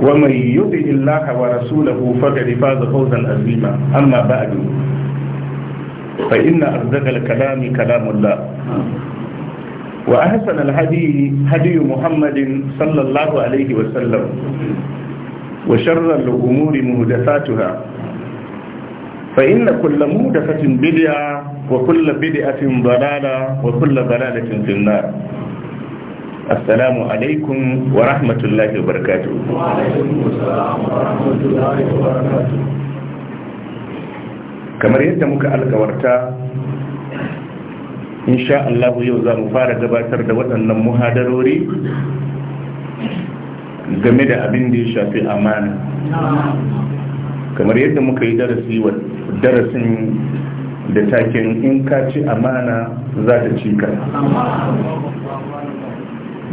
ومن يطع الله ورسوله فقد فاز فوزا عظيما اما بعد فان اصدق الكلام كلام الله واحسن الهدي هدي محمد صلى الله عليه وسلم وشر الامور محدثاتها فان كل محدثه بدعه وكل بدعه ضلاله وكل ضلاله في النار assalamu alaikum wa rahmatullahi wa barakatuh kamar yadda muka alkawarta insha Allah yau za mu fara gabatar da waɗannan muhadarori game da abin da ya shafi amana kamar yadda muka yi darasin da taken in ka ci amana za ta ci ka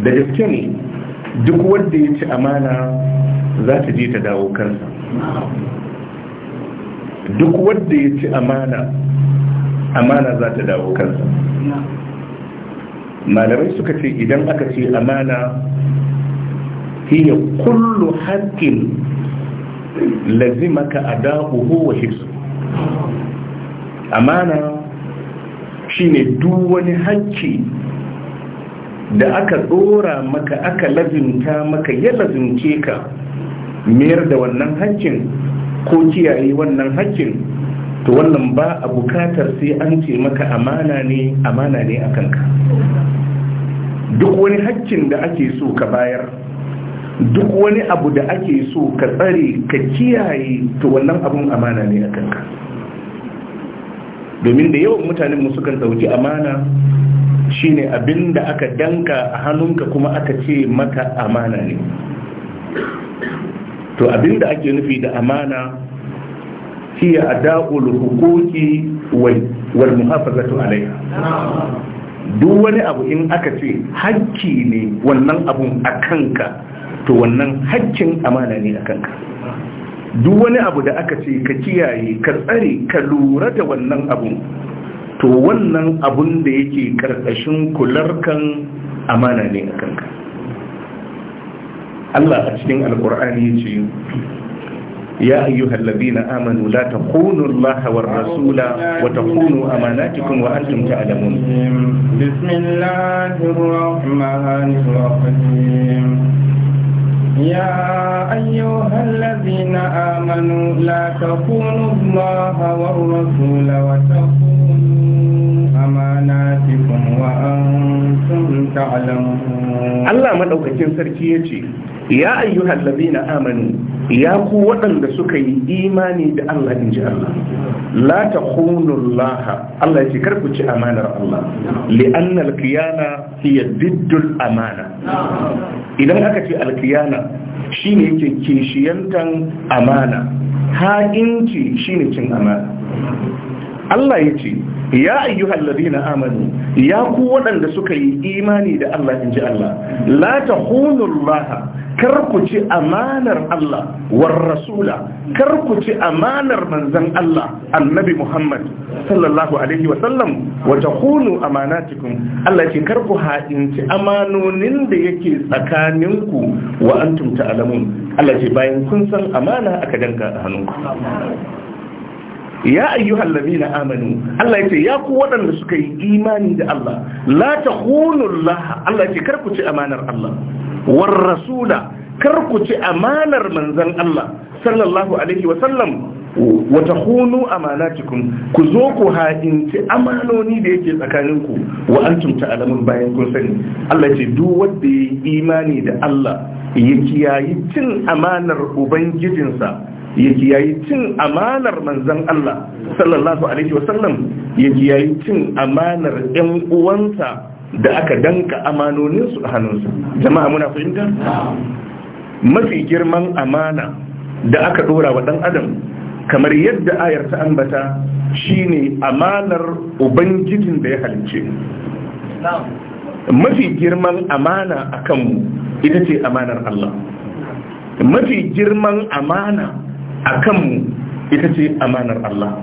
da gaske ne duk wanda ya ci amana za ta je ta dawo kansa duk wanda ya ci amana amana za ta dawo kansa malamai suka ce idan aka ce amana hiya kullu haƙƙin lazimaka adahu wa hisu amana shine duk wani haƙƙi da aka dora maka aka lazimta maka ya lazimce ka mayar da wannan hakkin ko kiyaye wannan hakkin to wannan ba a bukatar sai an ce maka amana ne amana ne a kanka duk wani hakkin da ake so ka bayar duk wani abu da ake so ka tsare ka kiyaye to wannan abun amana ne a kanka domin da yawan mutanen mu sukan ɗauki amana shine abinda aka danka a hannunka kuma aka ce maka amana ne to abinda ake nufi da amana hiya ada'ul hukuki wal muhafazatu alaiha duk wani abu in aka ce hakki ne wannan abun a kanka to wannan hakkin amana ne a kanka duk wani abu da aka ce ka kiyaye ka tsare ka lura da wannan abun to wannan abun da yake karkashin kan amana ne a kanka Allah a cikin alkur'ani ya ce ya ayyu hallabi na amanu la ta kunu Allah wa rasula wa ta kunu amana cikin wa an tumta alamun يا أيها الذين آمنوا لا تكونوا الله والرسول وتكونوا Allah maɗaukakin sarki ya ce, Ya ayyu hallabi na amani, ya ku waɗanda suka yi imani da Allah in ji Allah. La ta laha, Allah ya ce karku ci amanar Allah, li'an alkiyana fiye diddul amana. Idan aka ce alkiyana shi ne kishiyantan amana, ha inci shi ne cin amana. Allah ya ce ya ayyuhal na amanu ya ku waɗanda suka yi imani da Allah inji Allah la tahunullaha kar ku ci amanar Allah war rasula kar ku ci amanar manzan Allah annabi Muhammad sallallahu alaihi wa sallam wa tahunu amanatikum Allah ce kar ku haɗinci amanonin da yake tsakaninku wa antum ta'lamun Allah ce bayan kun san amana aka danka a hannunku ya ayyuhal ladina amanu Allah yace ya ku waɗanda suka yi imani da Allah la takhunu Allah Allah yace kar ku ci amanar Allah war rasula kar ku ci amanar manzon Allah sallallahu alaihi wa sallam wa takhunu amanatikum ku zo ku haɗinci amanoni da yake tsakaninku wa antum ta'lamun bayan kun sani Allah yace duk wanda ya imani da Allah ya kiyayi cin amanar ubangijinsa ya kiyayi cin amanar manzon Allah sallallahu alaihi wasallam ya kiyayi cin amanar ɗan uwansa da aka danka amanoninsu a hannunsa jama'a muna fahimta mafi girman amana da aka dora wa ɗan adam kamar yadda ayar ta ambata shine amanar ubangijin da ya halicce mafi girman amana a kanmu ita ce amanar Allah mafi girman amana a kanmu ita ce amanar Allah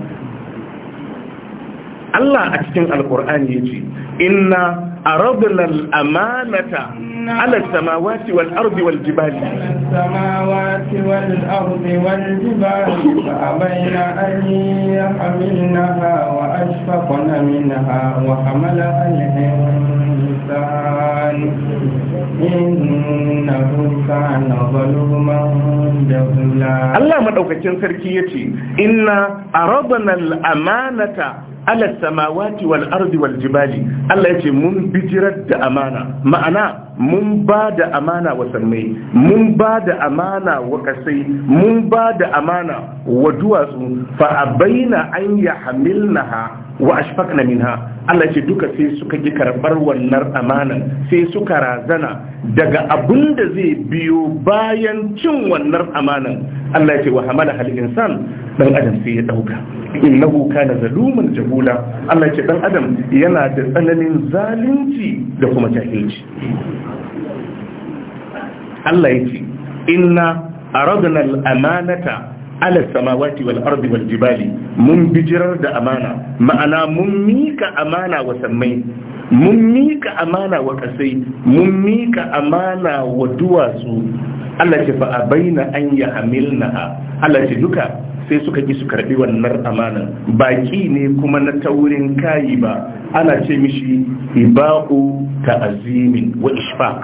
Allah a cikin alkur'ani ya ce inna a rabunan amanata ala samawati wal ardi wal jibali samawati wal ardi wal jibali fa abaina an yahmilnaha wa ashfaqna minha wa hamala al-insan Allah maɗaukakin sarki ya ce, Inna a rabanar amanata ala samawati wal ardi wal jibali Allah ya ce mun bijirar da amana ma'ana mun ba da amana wa sammai mun ba da amana wa kasai mun ba da amana wa duwatsu fa a abaina an ya hamilnaha wa ashfaqna minha Allah ce duka sai suka ki karbar wannan amanan sai suka razana daga abun da zai biyo bayan cin wannan amanan Allah ce wa hamala hal insan dan adam sai ya dauka innahu kana zaluman jahula Allah ce dan adam yana da tsananin zalunci da kuma jahilci Allah ya ce inna aradna al-amanata ala samawati wal ardi wal jibali mun bijirar da amana ma'ana mun mika amana wa sammai mun mika amana wa kasai mun mika amana wa duwatsu Allah ce fa abaina an ya hamilnaha Allah ce duka sai suka ki su karbi wannan amanan baki ne kuma na taurin kayi ba ana ce mishi iba'u ta'azimin wa ishfaq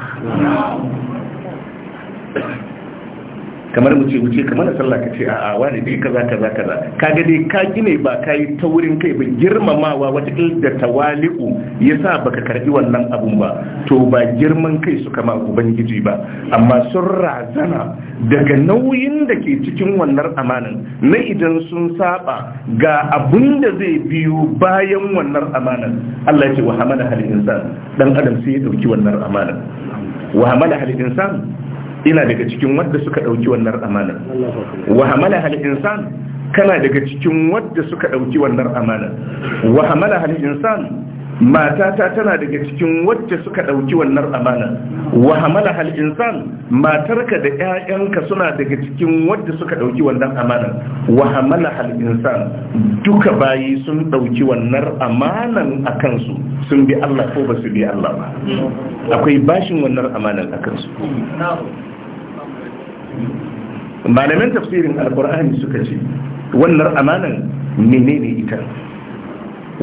kamar mu ce wuce kamar sallah ka ce a a wani dai kaza kaza kaza ka ga dai ka gine ba ka yi ta wurin kai ba girmamawa wata da tawali'u yasa baka karbi wannan abun ba to ba girman kai suka kama ubangiji ba amma sun razana daga nauyin da ke cikin wannan amanan na idan sun saba ga abun da zai biyo bayan wannan amanan Allah ya ce wa hamala halin insan dan adam sai ya ɗauki wannan amanan wa hamala halin insan ina daga cikin wadda suka ɗauki wannan amana wa hamala hal insan kana daga cikin wadda suka ɗauki wannan amana wa hamala hal insan matata tana daga cikin wacce suka ɗauki wannan amana wa hamala hal insan matarka da ƴaƴanka suna daga cikin wacce suka ɗauki wannan amana wa hamala hal insan duka bayi sun ɗauki wannan amanan a kansu sun bi Allah ko ba su bi Allah ba akwai bashin wannan amanan a kansu malamin tafsirin alkur'ani suka ce wannan amanan menene ita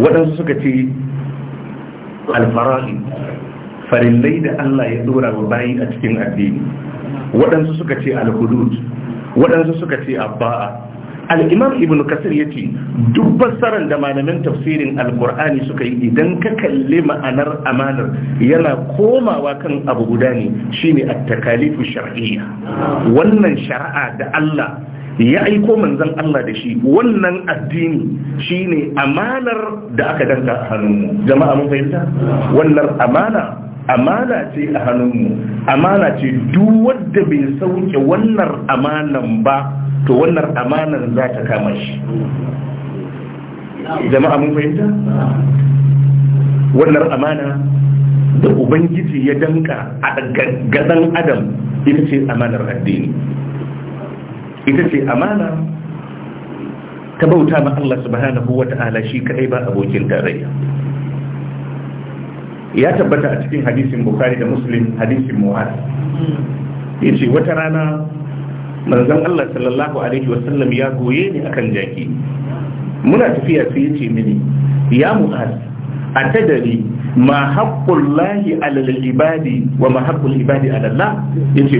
waɗansu suka ce alfara'i farillai da Allah ya dora wa bayi a cikin addini waɗansu suka ce alhudud waɗansu suka ce abba'a al'imam ibn kasir ya ce duk fassarar da malamin tafsirin alkur'ani suka yi idan ka kalli ma'anar amanar yana komawa kan abu guda ne shine at-takalifu shar'iyya wannan shari'a da Allah ya aiko manzan Allah da shi wannan addini shi ne amanar da aka danka a hannunmu jama'a mun fahimta wannan amana amana ce a hannunmu amana ce duk wanda bai sauke wannan amanan ba to wannan amanan za ta kama shi jama'a mun fahimta wannan amana da ubangiji ya danka a gadan adam ita ce amanar addini ita ce amana ta bauta ma Allah subhanahu wa ta'ala shi kadai ba abokin tarayya ya tabbata a cikin hadisin Bukhari da Muslim hadisin ya ce wata rana manzon Allah sallallahu alaihi wasallam ya goye ni akan jaki muna tafiya sai yace mini ya a tadari ma haƙƙun wa ma haƙƙun ibadi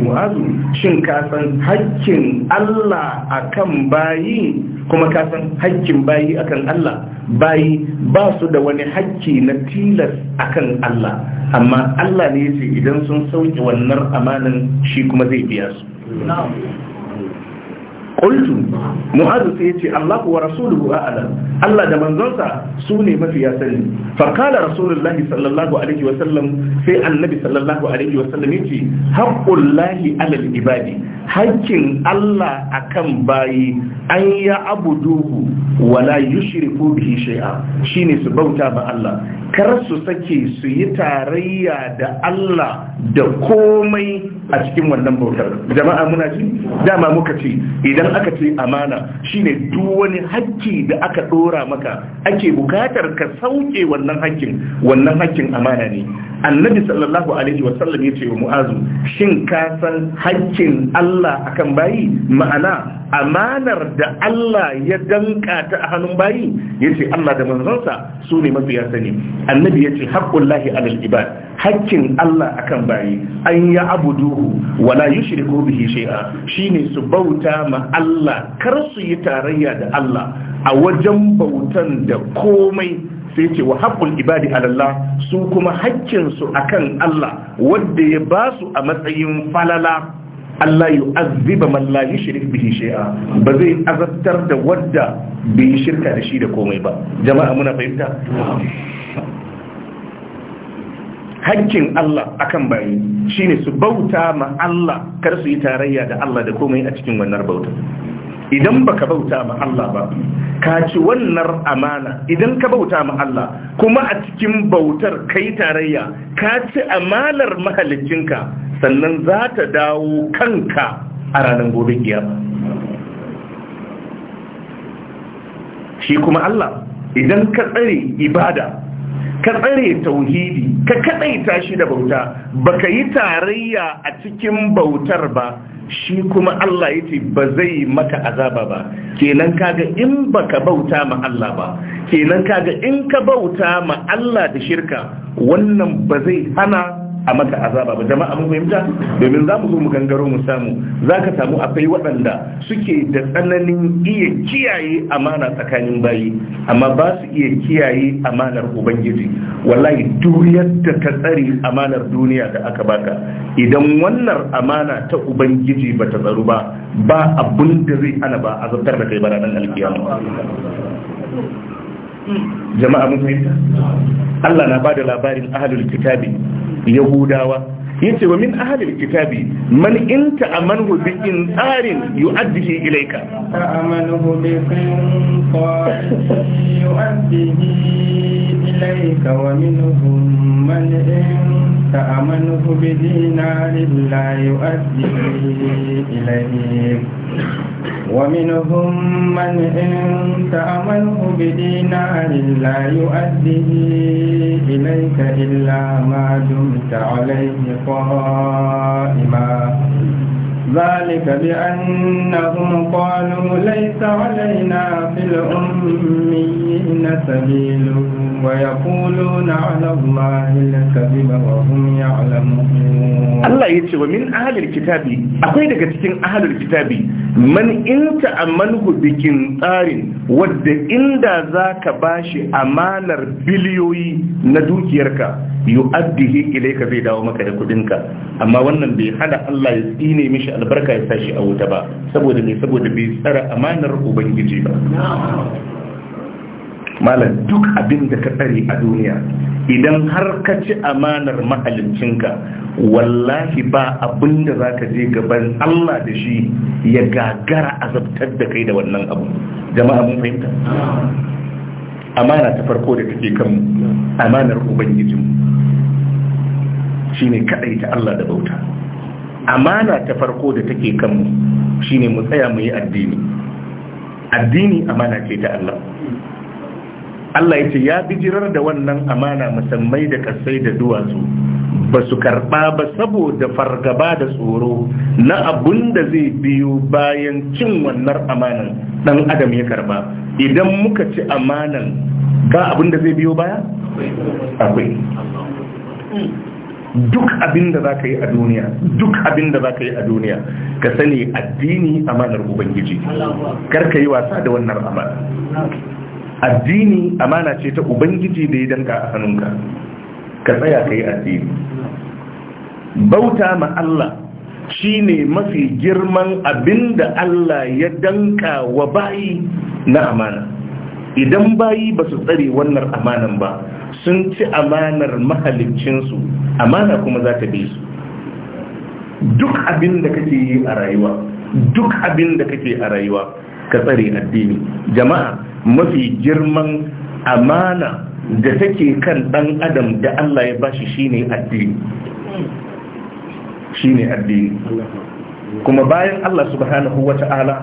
mu'azu shin ka san haƙƙin Allah akan bayi kuma ka san haƙƙin bayi akan Allah bayi ba su da wani haƙƙi na tilas akan Allah amma Allah ne ya idan sun sauke wannan amanan shi kuma zai biya su qultu mu'adh sai yace Allahu wa rasuluhu a'lam Allah da manzonsa su ne mafiya sani fa rasulullahi sallallahu alaihi wa sallam sai annabi sallallahu alaihi wa sallam yace haqqullahi 'alal ibadi haƙƙin Allah akan bayi an ya abuduhu wala yushriku bihi shay'a shine su bauta ba Allah kar su sake su yi tarayya da Allah da komai a cikin wannan bautar jama'a muna ji dama muka ce idan aka ce amana shine duk wani hakki da aka dora maka ake bukatar ka sauke wannan hakkin wannan hakkin amana ne annabi sallallahu alaihi wa sallam yace wa mu'azu shin ka san hakkin Allah akan bayi ma'ana amanar da Allah ya danka ta a hannun bayi yace Allah da manzonsa su ne mafiya sani annabi yace haqqullahi alal ibad hakkin Allah akan bayi an ya abudu ya'buduhu wa la yushriku bihi shay'a shine su bauta ma Allah kar su yi tarayya da Allah a wajen bautan da komai sai ce wa haƙul ibadi alallah su kuma haƙƙinsu akan Allah wadda ya ba su a matsayin falala Allah yi azziba mallahi shirik bihi shi'a ba zai azabtar da wadda bai shirka da shi da komai ba jama'a muna fahimta hakkin Allah akan bayi shine su bauta ma Allah kar su yi tarayya da Allah da komai a cikin wannan bauta idan baka bauta ma Allah ba ka ci wannan amana idan ka bauta ma Allah kuma a cikin bautar kai tarayya ka ci amalar mahalicinka sannan za ta dawo kanka a ranar gobe kiyama shi kuma Allah idan ka tsare ibada ka tsare tauhidi ka kadaita shi da bauta baka yi tarayya a cikin bautar ba shi kuma Allah yace ba zai maka azaba ba kenan kaga in baka bauta ma Allah ba kenan kaga in ka bauta ma Allah da shirka wannan ba zai hana a maka azaba ba jama'a mun fahimta domin za mu zo mu gangaro mu samu za ka samu akwai waɗanda suke da tsananin iya kiyaye amana tsakanin bayi amma ba su iya kiyaye amanar ubangiji wallahi duk yadda ka tsare amanar duniya da aka baka idan wannan amana ta ubangiji ba ta tsaro ba ba abun da zai ana ba azabtar da kai ba ranar alkiyama jama'a mun fahimta Allah na bada labarin ahlul kitabi yahudawa yace wa min ahlil kitabi man in ta'amanu bi in tsarin yu'addihi ilayka ta'amanu bi in yu'addihi إليك ومنهم من إن تأمنه بدينار لا يؤديه إليك ومنهم من إن تأمنه بدينار لا يؤديه إليك إلا ما دمت عليه قائما ذلك بأنهم قالوا ليس علينا في الأمين سبيل ويقولون على الله الكذب وهم يعلمون Allah ya ce wa min ahalil kitabi akwai daga cikin ahalil kitabi man in ta amanku bikin tsarin wadda inda za ka ba shi amalar biliyoyi na dukiyarka yi addihi ilai ka zai dawo maka da kudinka amma wannan bai hada Allah ya tsine mishi albarka ya sashi a wuta ba saboda ne saboda bai tsara amanar ubangiji ba malam duk abin da ka tsare a duniya idan har ka ci amanar mahalicinka wallahi ba abin da za ka je gaban Allah da shi ya gagara azabtar da kai da wannan abu jama'a mun fahimta amana ta farko da take kan amanar ubangijinmu shine kadai ta Allah da bauta amana ta farko da take kanmu shine mu tsaya mu yi addini addini amana ce ta Allah Allah ya ce ya bijirar da wannan amana musammai da kasai da duwatsu ba su karba ba saboda fargaba da tsoro na abun da zai biyo bayan cin wannan amanan dan adam ya karba idan muka ci amanan ga abun da zai biyo baya akwai duk abin da za ka yi a duniya duk abin da za ka yi a duniya ka sani addini amanar ubangiji kar ka yi wasa da wannan amana addini amana ce ta ubangiji da ya danka a hannunka ka tsaya ka yi addini bauta ma Allah shi ne mafi girman abin da Allah ya danka wa bayi na amana idan bayi ba su tsare wannan amanan ba sun ci amanar mahalicinsu amana kuma za ta bi su duk abin da kake yi a rayuwa duk abin da kake a rayuwa ka tsare addini jama'a mafi girman amana da take kan dan adam da Allah ya bashi shine addini shine addini kuma bayan Allah subhanahu wata'ala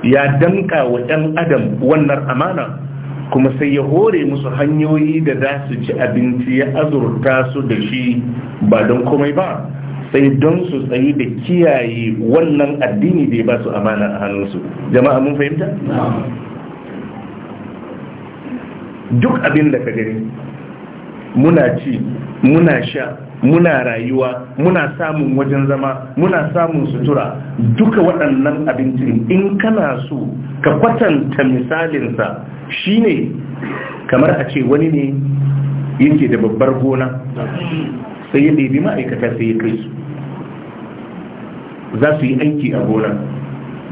ya danka wa dan adam wannan amana kuma sai ya hore musu hanyoyi da za su ci abinci ya azurta su da shi ba don komai ba sai don su tsayi da kiyaye wannan addini da ya ba su amana a hannunsu jama'a mun fahimta? duk abin da ka gani muna ci muna sha muna rayuwa muna samun wajen zama muna samun sutura duka waɗannan abincin in kana so ka kwatanta misalinsa shine kamar a ce wani ne yake da babbar gona sai ya ɗebi ma'aikata sai ya kai su za su yi aiki a gona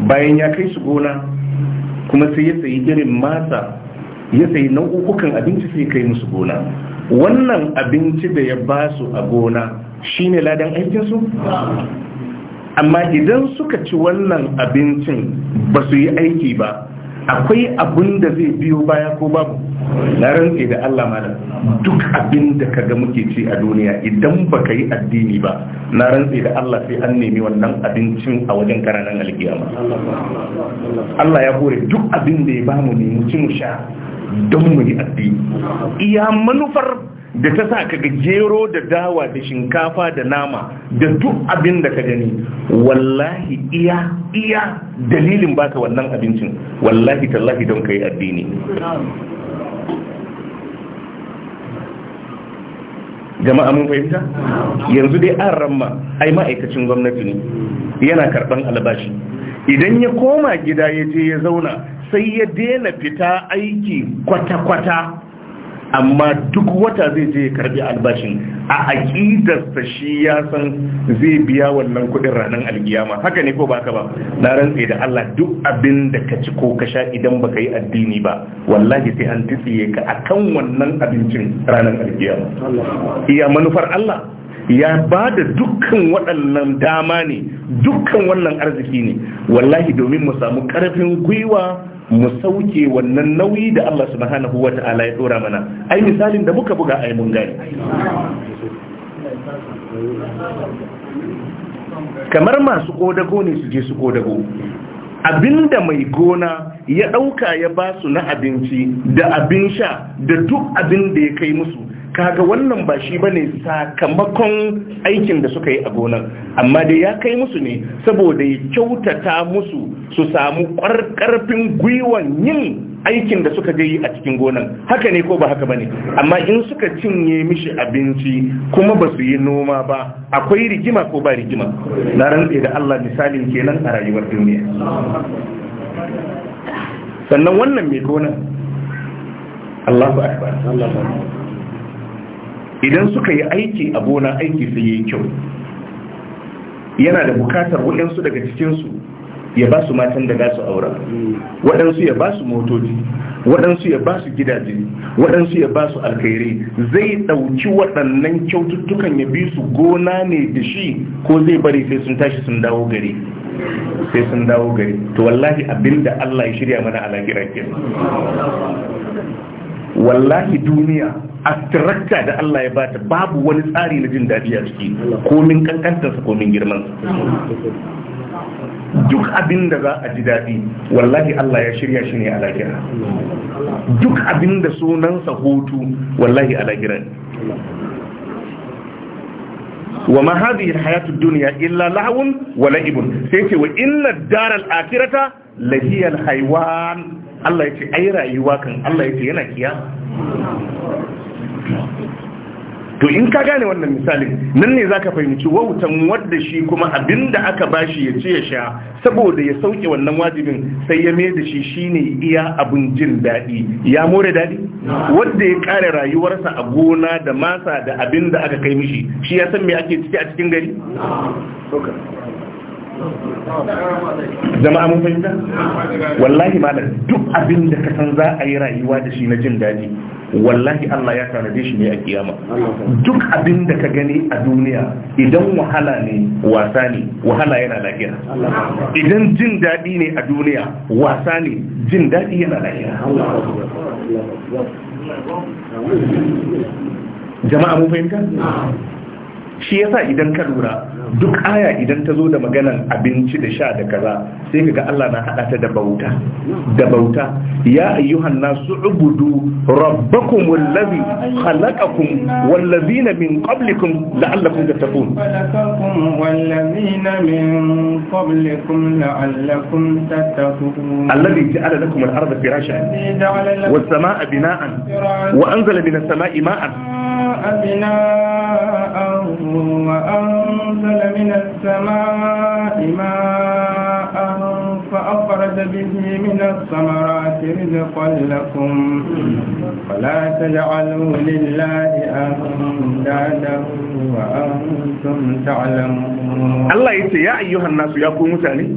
bayan ya kai su gona kuma sai ya sayi irin masa ya sayi nau'ukan abinci sai kai musu gona wannan abinci da ya ba su a gona shine ladan aikinsu amma idan suka ci wannan abincin ba su yi aiki ba akwai abin da zai biyo baya ko babu na rantse da Allah malam duk abin da kaga muke ci a duniya idan baka yi addini ba na rantse da Allah sai an nemi wannan abincin a wajen karanan alkiyama Allah ya hore duk abin da ya bamu ne mu ci mu sha don mu yi addini iya manufar da ta sa ka gero da dawa da shinkafa da nama da duk abin da ka gani wallahi iya iya dalilin baka wannan abincin wallahi tallahi don ka yi addini jama'a mun fahimta yanzu dai an ramma ai ma'aikacin gwamnati ne yana karban albashi idan ya koma gida ya je ya zauna sai ya daina fita aiki kwata-kwata amma duk wata zai je ya karbi albashin a aƙidarsa shi ya san zai biya wannan kuɗin ranar alkiyama haka ne ko ba ka ba na rantse da Allah duk abin da ka ci ko ka sha idan baka yi addini ba wallahi sai an tsiye ka akan wannan abincin ranar alkiyama iya manufar Allah ya ba da dukkan waɗannan dama ne dukkan wannan arziki ne wallahi domin mu samu ƙarfin gwiwa mu sauke wannan nauyi da Allah subhanahu wa ta'ala ya dora mana ai misalin da muka buga ai mun gani kamar masu kodago ne su je su kodago abinda mai gona ya ɗauka ya ba su na abinci da abin sha da duk abin da ya kai musu kaga wannan ba shi bane sakamakon aikin da suka yi a gonan amma dai ya kai musu ne saboda ya kyautata musu su samu ƙarfin gwiwan yin aikin da suka yi a cikin gonan haka ne ko ba haka bane amma in suka cinye mishi abinci kuma ba su yi noma ba akwai rigima ko ba rigima na rantse da Allah misalin kenan a rayuwar duniya sannan wannan mai gonan Allahu akbar idan suka yi aiki a gona aiki sai yi kyau yana da bukatar waɗansu daga cikinsu ya ba su matan da gasu aura waɗansu ya ba su motoci waɗansu ya ba su gidaje waɗansu ya ba su alkhairi zai ɗauki waɗannan kyaututtukan ya bi su gona ne da shi ko zai bari sai sun tashi sun dawo gari sai sun dawo gari to wallahi abinda Allah ya shirya mana a lahira wallahi duniya astirakta da Allah ya bata babu wani tsari na jin daɗi a ciki komin kankantarsa komin girman duk abin da za a ji daɗi wallahi Allah ya shirya shi ne a lahira duk abin da sunansa hutu wallahi a lahira wa ma hadhihi alhayatu dunya illa lahwun wa la'ibun sai ce wa inna ad-dara al-akhirata lahiya al-hayawan Allah ai rayuwa kan Allah ce yana kiya to in ka gane wannan misalin nan ne za ka fahimci wautan wadda shi kuma abin da aka bashi ya ce ya sha saboda ya sauke wannan wajibin sai ya mai da shi shine iya abun jin daɗi ya more daɗi wadda ya kare rayuwarsa a gona da masa da abin da aka kai mishi shi ya san me ake ciki a cikin gari jama'a mun fahimta wallahi malam duk abin da ka san za a yi rayuwa da shi na jin daɗi wallahi Allah ya tanade shi ne a kiyama duk abin da ka gani a duniya idan wahala ne wasa ne wahala yana lafiya idan jin daɗi ne a duniya wasa ne jin daɗi yana lafiya jama'a mun fahimta shi yasa idan ka lura duk aya idan ta zo da maganan abinci da sha da kaza sai kaga Allah na hada ta da bauta da bauta ya ayyuhan nasu ubudu rabbakum wallazi khalaqakum wallazina min qablikum la'allakum tattaqun wallazina min qablikum la'allakum tattaqun alladhi ja'ala lakum al-ardha firashan was samaa'a bina'an wa anzala minas samaa'i ma'an بناء وأنزل أنزل من السماء ماء فأخرج به من الثمرات رزقا لكم فلا تجعلوا لله أندادا وأنتم تعلمون الله يتي يا أيها الناس يا قوم تاني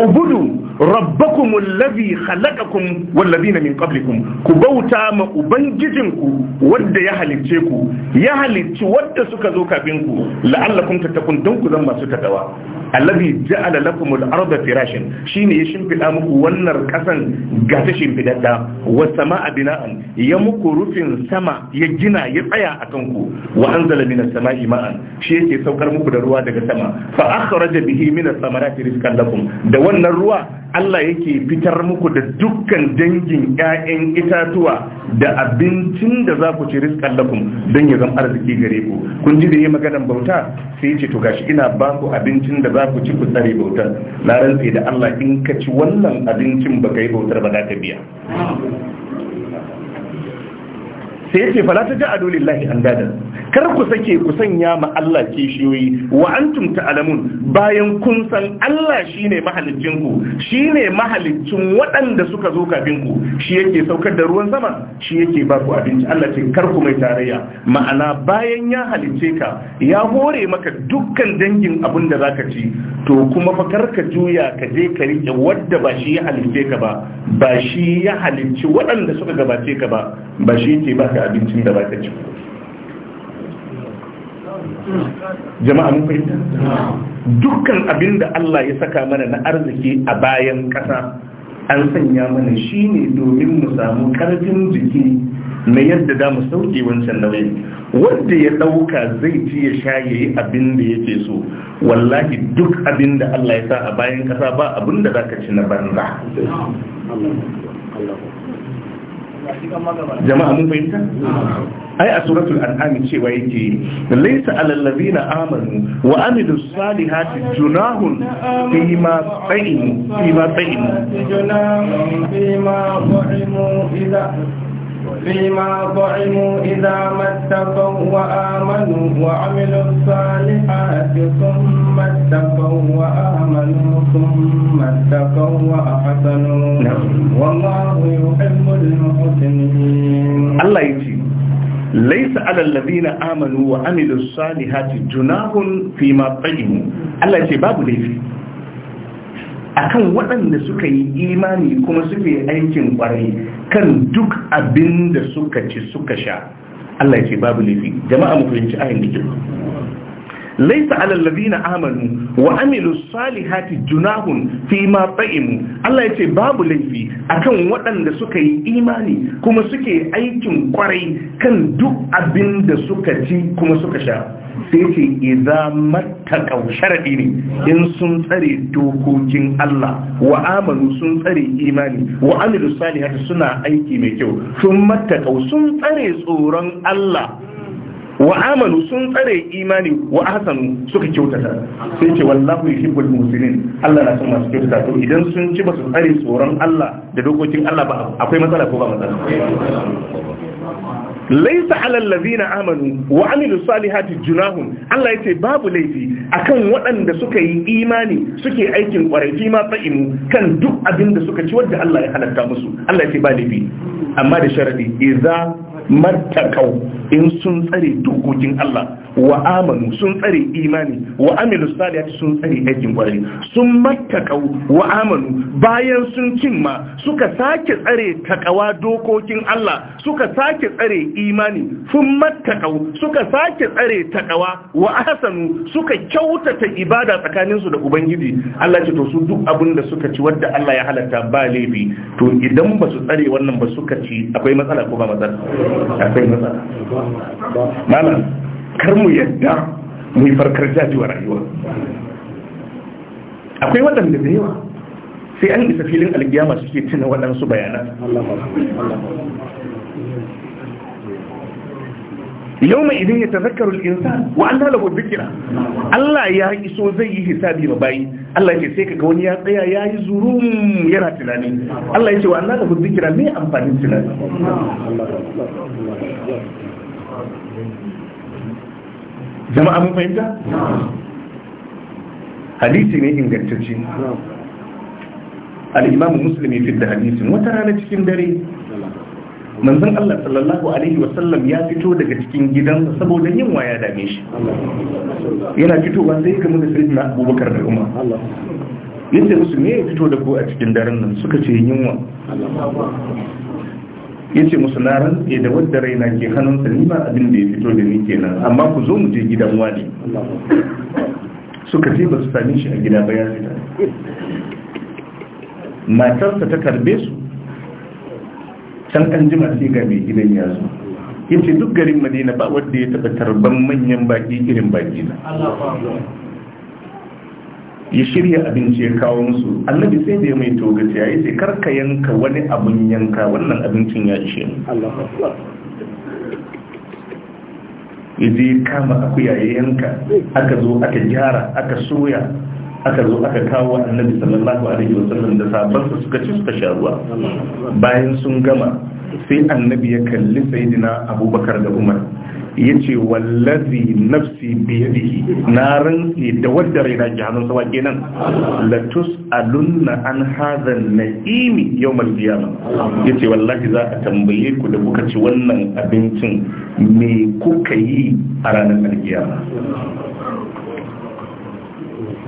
اعبدوا rabbakum allazi khalaqakum wallazina min qablikum ku bauta ma ubangijinku wanda ya halicce ku ya halicci wanda suka zo kafin ku la'allakum tattakun dan ku zan masu tadawa allazi ja'ala lakum al-ardha firashin shine ya shimfida muku wannan kasan ga ta shimfidadda wa sama'a bina'an ya muku rufin sama ya gina ya tsaya akan ku wa anzala minas sama'i ma'an shi yake saukar muku da ruwa daga sama fa akhraja bihi minas samarati rizqan lakum da wannan ruwa Allah yake fitar muku da dukkan dangin 'ya'yan itatuwa da abincin da za ku ci rizqan lakum don ya zama arziki gare ku kun ji da yi maganan bauta sai ce to gashi ina ba ku abincin da za ku ci ku tsare bautar na rantse da Allah in ka ci wannan abincin ka yi bautar ba za ka biya sai yake fala ta ja'alu lillahi andada kar ku sake ku sanya ma Allah kishiyoyi wa antum ta'lamun bayan kun san Allah shine mahaliccin ku shine mahaliccin waɗanda suka zo kafin ku shi yake saukar da ruwan sama shi yake ba ku abinci Allah ce kar ku mai tarayya ma'ana bayan ya halicce ka ya hore maka dukkan dangin abin da zaka ci to kuma fa kar ka juya ka je ka rike wadda ba shi ya halicce ka ba ba shi ya halicci waɗanda suka gabace ka ba ba shi ke baka abincin da baka ci jama'a mun fahimta dukkan abin da Allah ya saka mana na arziki a bayan ƙasa an sanya mana shine domin mu samu ƙarfin jiki na yadda da mu sauke wancan nauyin wanda ya ɗauka zai ci ya sha ya yi abin da yake so wallahi duk abin da Allah ya sa a bayan ƙasa ba abin da za ka ci na banza jama'a mun fahimta ai a suratul an'am cewa yake laysa alal ladina amanu wa amilus salihati junahun fi ma ta'imu fi ma ta'imu فيما طعموا إذا ما اتقوا وآمنوا وعملوا الصالحات ثم اتقوا وآمنوا ثم اتقوا وأحسنوا نعم. والله يحب المحسنين الله يجي ليس على الذين آمنوا وعملوا الصالحات جناح فيما طعموا الله يجي باب ليفي akan waɗanda suka yi imani kuma suke aikin ƙwarai kan duk abin da suka ci suka sha Allah ya ce babu laifi jama'a mu fahimci ayin da laisa alal ladina amanu wa amilu salihati junahun fi ma ta'imu Allah yace babu laifi akan waɗanda suka yi imani kuma suke aikin kwarai kan duk abin da suka ci kuma suka sha sai ce idza mattaqaw sharadi ne in sun tsare dokokin Allah wa amanu sun tsare imani wa amilu salihati suna aiki mai kyau sun matakau. sun tsare tsoron Allah wa amanu sun tsare imani wa ahsanu suka kyautata sai ce wallahu yuhibbul musulmin, Allah na son masu kyautata to idan sun ci ba su tsare tsoron Allah da dokokin Allah ba akwai matsala ko ba matsala laisa alal ladina amanu wa amilu salihati junahum Allah yace babu laifi akan waɗanda suka yi imani suke aikin ƙwararri ma tsa'imu kan duk abin da suka ci wanda Allah ya halatta musu Allah yace ba laifi amma da sharadi idza martakau in sun tsare dokokin Allah wa amanu sun tsare imani wa amilu salihati sun tsare aikin kwarai sun mattakau wa amanu bayan sun cimma suka sake tsare takawa dokokin Allah suka sake tsare imani sun mattakau suka sake tsare takawa wa asanu suka kyautata ibada tsakaninsu da ubangiji Allah ce to su duk abin da suka ci wadda Allah ya halatta ba laifi to idan ba su tsare wannan ba suka ci akwai matsala ko ba matsala akwai matsala kar mu yadda mu yi farkar jajiwa rayuwa akwai waɗanda da yawa sai an isa filin alkiyama suke tuna waɗansu bayanan yau mai idan ya tazakarul insan wa an lalahu zikira Allah ya iso zai yi hisabi ma bayi Allah ke sai kaga wani ya tsaya ya yi zurum yana tunani Allah ya ce wa an lalahu zikira mai amfanin tunani Zama abin fahimta hadisi ne ingantacce al musulmi fi da hadisin wata rana cikin dare manzan Allah sallallahu alaihi wasallam ya fito daga cikin gidansa saboda yin waya dame shi yana fitowa sai ga da sai na Abubakar da Umar yadda musu ya fito da ku a cikin daren nan suka ce yunwa ya ce musu na rantse da wadda raina ke hannunsa ni ma abin da ya fito da ni kenan amma ku zo mu je gidan wani suka je ba su sami shi a gida ba ya fita matarsa ta karbe su can an jima sai ga mai gidan ya zo ya ce duk garin madina ba wadda ya taɓa tarban manyan baƙi irin baƙi na ya shirya abinci ya kawo musu annabi sai da ya mai togaci ya yi sai karka yanka wani abun yanka wannan abincin ya ishe mu. ya je kama akuya ya yanka aka zo aka gyara aka soya aka zo aka kawo annabi sallallahu alaihi wasallam da sabansa suka ci suka sha ruwa bayan sun gama sai annabi ya kalli sayidina abubakar da umar ya ce wallazi nafsi biyadihi na rantsi da wadda raina ke hannun sawa kenan latus alunna an hazan na'imi yau malbiyama ya ce wallahi za a tambaye ku da kuka ci wannan abincin me kuka yi a ranar alkiyama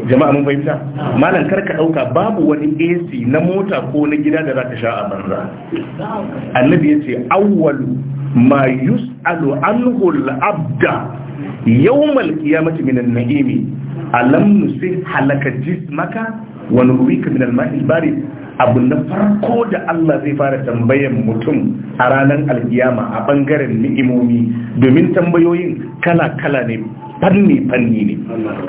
jama'a mun fahimta malam karka dauka babu wani AC na mota ko na gida da zaka sha a banza annabi yace awwalu ma yus'alu anhu al-abda yawm al-qiyamati min an-na'imi alam nusih halaka jismaka wa nuhwika min al-ma'i al-barid abu na farko da Allah zai fara tambayan mutum a ranar alkiyama a bangaren ni'imomi domin tambayoyin kala-kala ne fanni-fanni ne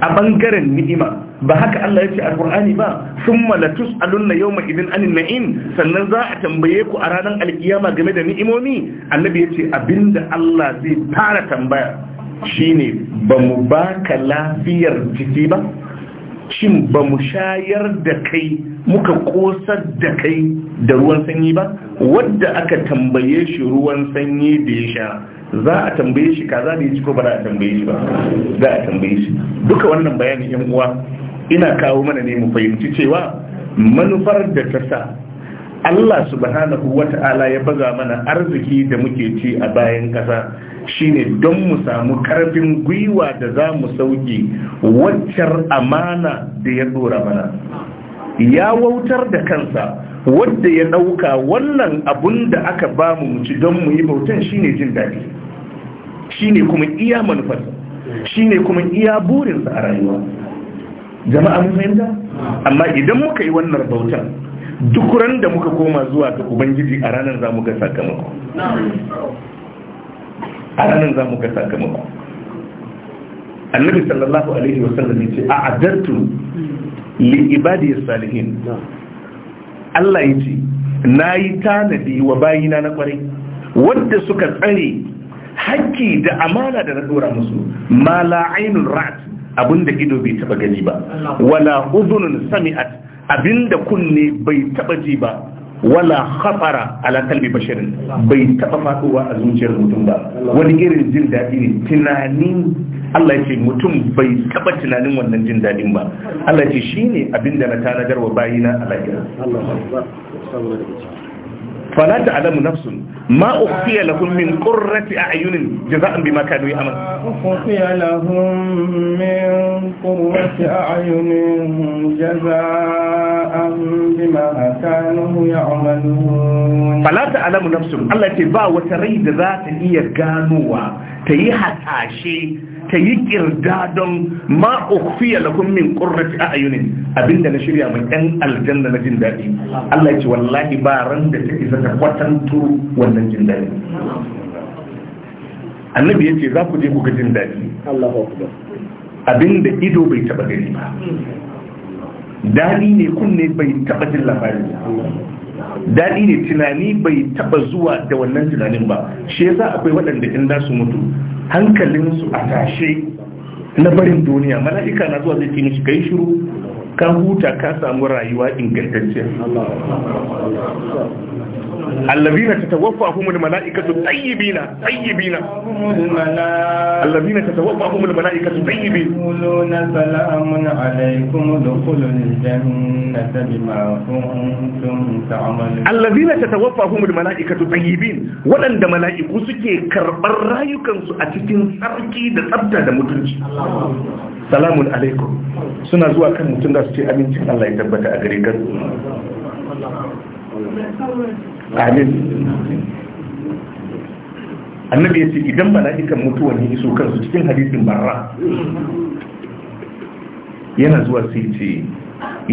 a bangaren ni'ima ba haka Allah ya ce a Qur'ani ba summa latus'alunna yawma idan anin na'im sannan za a tambaye ku a ranar alkiyama game da ni'imomi annabi ya ce abinda Allah zai fara tambaya ne ba mu baka lafiyar jiki ba shin ba mu shayar da kai muka kosar da kai da ruwan sanyi ba wadda aka tambaye shi ruwan sanyi da ya sha za a tambaye shi kaza da ya ci ko ba za a tambaye shi ba za a tambaye shi duka wannan bayanin yan uwa ina kawo mana ne mu fahimci cewa manufar da ta sa Allah subhanahu wa ta'ala ya baza mana arziki da muke ci a bayan ƙasa shine don mu samu karfin gwiwa da za mu sauki waccar amana da ya dora mana ya wautar da kansa wadda ya ɗauka wannan abun da aka ba mu ci don mu yi bautan shine jin daɗi shine kuma iya manufarsa shine kuma iya burinsa a rayuwa jama'a mun fahimta amma idan muka yi wannan bautan duk ran da muka koma zuwa ga ubangiji a ranar za mu ga sakamako a ranar za mu ga sakamako annabi sallallahu alaihi wasallam ya ce a adartu li ibadi salihin Allah ya ce na yi tanadi wa bayina na kwarai wadda suka tsare hakki da amana da na dora musu mala ainul ra'at abinda ido bai taba gani ba wala uzunun sami'at abinda kunne bai taba ji ba wala khatara ala kalbi bashirin bai taba faduwa a zuciyar mutum ba wani irin jin daɗi ne tunanin Allah ce mutum bai taba tunanin wannan jin daɗin ba Allah ce shine abinda na tanadar wa bayina a lahira فلا تعلم نفس ما أخفي لهم من قرة أعين جزاء بما كانوا يعملون أخفي لهم من قرة أعين جزاء بما كانوا يعملون فلا تعلم نفس الله تبا وتريد ذات إيه قانوا تيها تاشي ta yi kirdadon don ma ukhfiya lakum min qurrati a'yunin abinda na shirya mai ɗan aljanna na jin daɗi Allah ya ce wallahi ba ran da ta isa ta kwatanto wannan jin daɗi annabi ya ce za ku je ku ga jin daɗi abinda ido bai taɓa gani ba daɗi ne kunne bai taɓa jin labari daɗi ne tunani bai taɓa zuwa da wannan tunanin ba shi yasa akwai waɗanda in da su mutu hankalinsu a tashe na barin duniya mala'ika na zuwa zai fi nishi kai shiru ka huta ka samu rayuwa ingantacciya allazina tatawaffahumul malaikatu tayyibina tayyibina allazina tatawaffahumul malaikatu tayyibin quluna salamun alaykum dukhulul jannata bima kuntum ta'malun allazina tatawaffahumul malaikatu tayyibin wadanda malaiku suke karɓar rayukansu a cikin tsarki da tsabta da mutunci salamun alaikum suna zuwa kan mutum da su ce amincin Allah ya tabbata a gare ka amin annabi ya ce idan mala'ikan mutuwa ne iso kansu cikin hadisin barra yana zuwa sai ce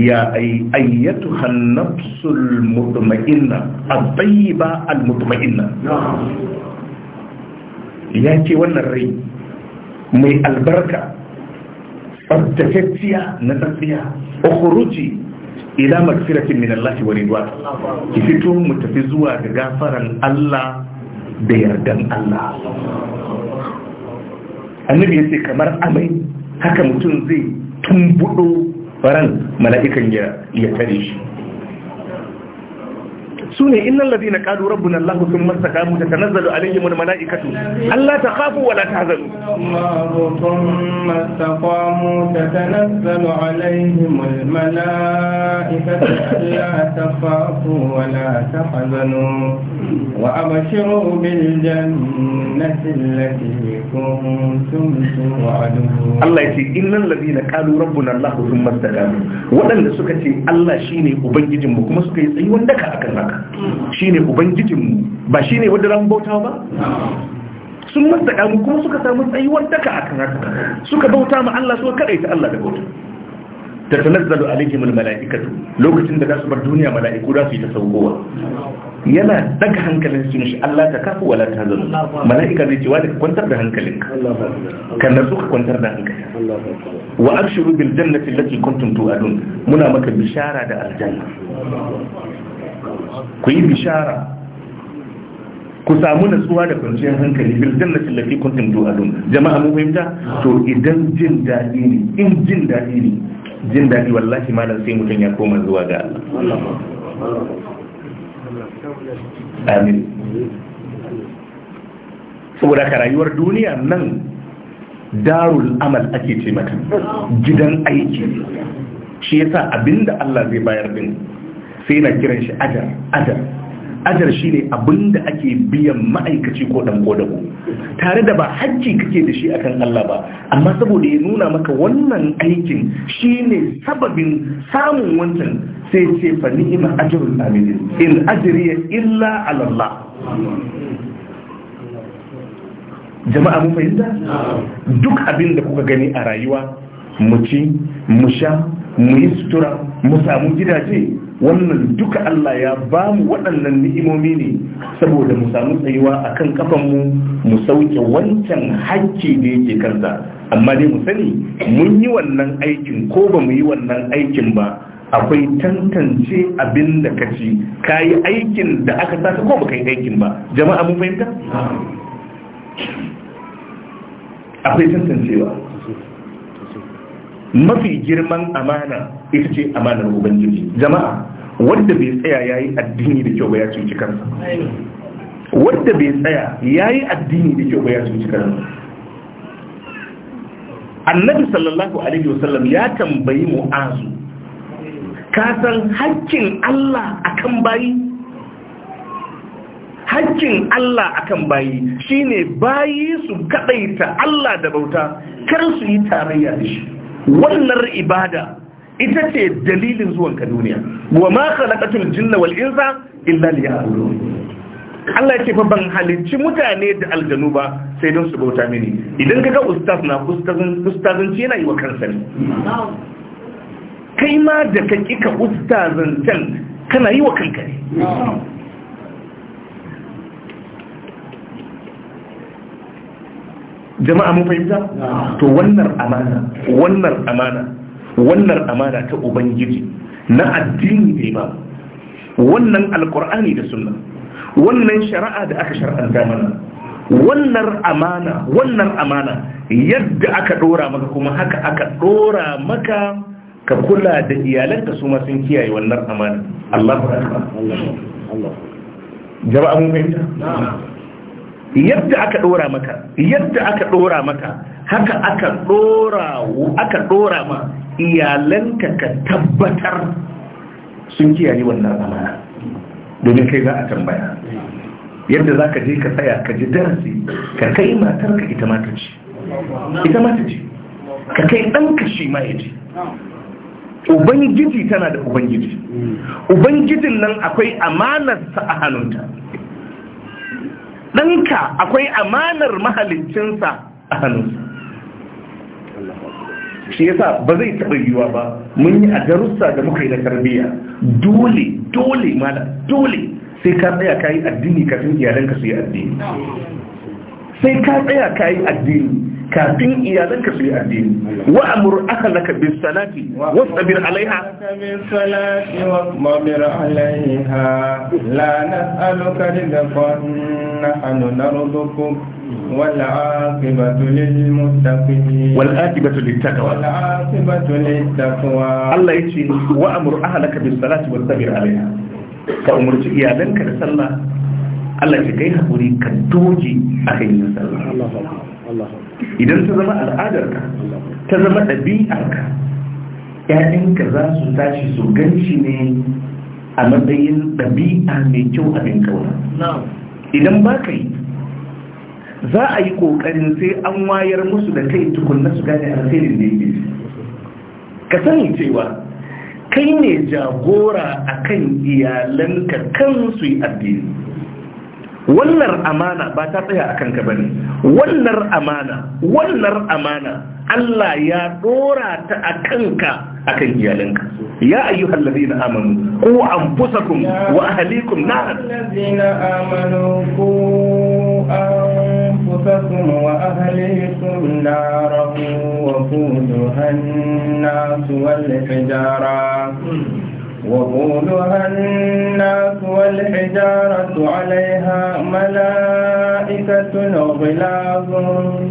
ya ayyatu hannafsul mutuma'ina a bayi ba al mutuma'ina ya ce wannan rai mai albarka tsabtacciya na tsatsiya okuruci ila magfiratin min Allah wa ridwan ki fito mu tafi zuwa ga gafaran Allah da yardan Allah annabi yace kamar amai haka mutum zai tumbudo faran mala'ikan ya tare shi sune innal ladina qalu rabbuna allah thumma istaqamu tatanazzalu alaihim al malaikatu alla takhafu wa la tahzanu allahu wa la tahzanu wa abshiru bil jannati allati kuntum tu'adun allah yace innal ladina qalu suka ce allah shine ubangijinmu kuma suka yi tsayuwar daka akan haka Shi shine ubangijinmu ba shi ne wanda ran bauta ba sun mastaka mu kuma suka samu tsayuwar daka kan haka suka bauta ma Allah suka kadaita Allah da bauta tatanazzalu alaihim almalaikatu lokacin da zasu bar duniya malaiku za su yi ta saukowa yana daga hankalin su shi Allah ta kafu wala ta zanu malaika zai ce wa ka kwantar da hankalinka kan nasu ka kwantar da hankalinka wa abshiru bil jannati allati kuntum tu'adun muna maka bishara da aljanna ku yi bishara ku samu natsuwa da kwanciyar hankali bil tallafi lati kuntum tu'adun jama'a mu fahimta to idan jin dadi ne in jin dadi ne jin dadi wallahi malam sai mutum ya koma zuwa ga Allah amin saboda ka rayuwar duniya nan darul amal ake ce mata gidan aiki shi yasa abinda Allah zai bayar din sai na kiran shi ajar ajar ajar shi ne abin ake biyan ma'aikaci ko dan ko kodago tare da ba hajji kake da shi akan Allah ba amma saboda ya nuna maka wannan aikin shi ne sababin samun wancan sai ce fa ni'ima ajrul amilin in ajri illa ala Allah jama'a mun fahimta duk abin da kuka gani a rayuwa mu ci mu sha mu yi sutura mu samu gidaje wannan duka Allah ya ba mu waɗannan ni'imomi ne saboda mu samu tsayuwa a kan kafanmu mu sauke wancan hakki da yake kansa amma dai mu sani mun yi wannan aikin ko ba mu yi wannan aikin ba akwai tantance abin da ka ci ka yi aikin da aka sa ko ba ka yi aikin ba jama'a mun fahimta akwai tantancewa mafi girman amana ita ce amanar ubangiji jama'a wanda bai tsaya ya yi addini da kyau ba ya cuci kansa wanda bai tsaya ya yi addini da kyau ba ya cuci kansa annabi sallallahu alaihi wasallam ya tambayi mu'azu ka san haƙƙin Allah akan bayi hakkin Allah akan bayi shine bayi su kadaita Allah da bauta kar su yi tarayya da shi wannan ibada ita ce dalilin zuwanka duniya wa ma khalaqatul jinna wal insa illa liya'budun Allah ya ce fa ban halicci mutane da aljanu ba sai don su bauta mini idan ga ustaz na ustazin yana yi wa kansa ne kai ma da kake ka ustazin can kana yi wa kanka ne jama'a mun fahimta to wannan amana wannan amana wannan amana ta ubangiji na addini ne ba wannan alkur'ani da sunna wannan shari'a da aka shar'anta mana wannan amana wannan amana yadda aka dora maka kuma haka aka dora maka ka kula da iyalanka su ma sun kiyaye wannan amana Allahu akbar Allah jama'a mun fahimta yadda aka dora maka yadda aka dora maka haka aka dora aka dora ma iyalanka ka tabbatar sun kiyaye wannan amana domin kai za a tambaya yadda za ka je ka tsaya ka ji darasi ka kai matar ka ita mata ce ita mata ce ka kai ɗanka shi ma ya ce ubangiji tana da ubangiji ubangijin nan akwai amanarsa a hannunta ɗanka akwai amanar mahalicinsa a hannunsa shi yasa ba zai taɓa yiwuwa ba mun yi a darussa da muka yi na tarbiyya dole dole mana dole sai ka tsaya ka yi addini kafin iyalanka su yi addini sai ka tsaya ka yi addini kafin iyalanka su yi addini wa amur akalaka bis salati wasbir alaiha bis salati wasbir alaiha la nas'aluka rizqan nahnu narzuquk والعاقبة للمتقين والعاقبة للتقوى والعاقبة للتقوى الله يجي وأمر أهلك بالصلاة والصبر عليها كأمر إيالك لسلا الله يجي كي حقوري كدوجي أخي من سلا الله idan ta zama al'adarka ta zama ɗabi'arka ‘ya'yanka za su tashi su ganci ne a matsayin ɗabi'a mai kyau abin ƙauna idan ba ka yi za a yi ƙoƙarin sai an wayar musu da kai tukunna su gane alherin da yake ka sani cewa kai ne jagora akan iyalanka kan su yi addini wannan amana ba ta tsaya a kanka ba ne wannan amana wannan amana Allah ya dora ta a kanka a kan iyalinka ya ayyu hallazi na amanu ku an fusakun wa ahalikun na أنفسكم وأهليكم نارا وقودها الناس والحجارة وقولها الناس والحجارة عليها ملائكة غلاظ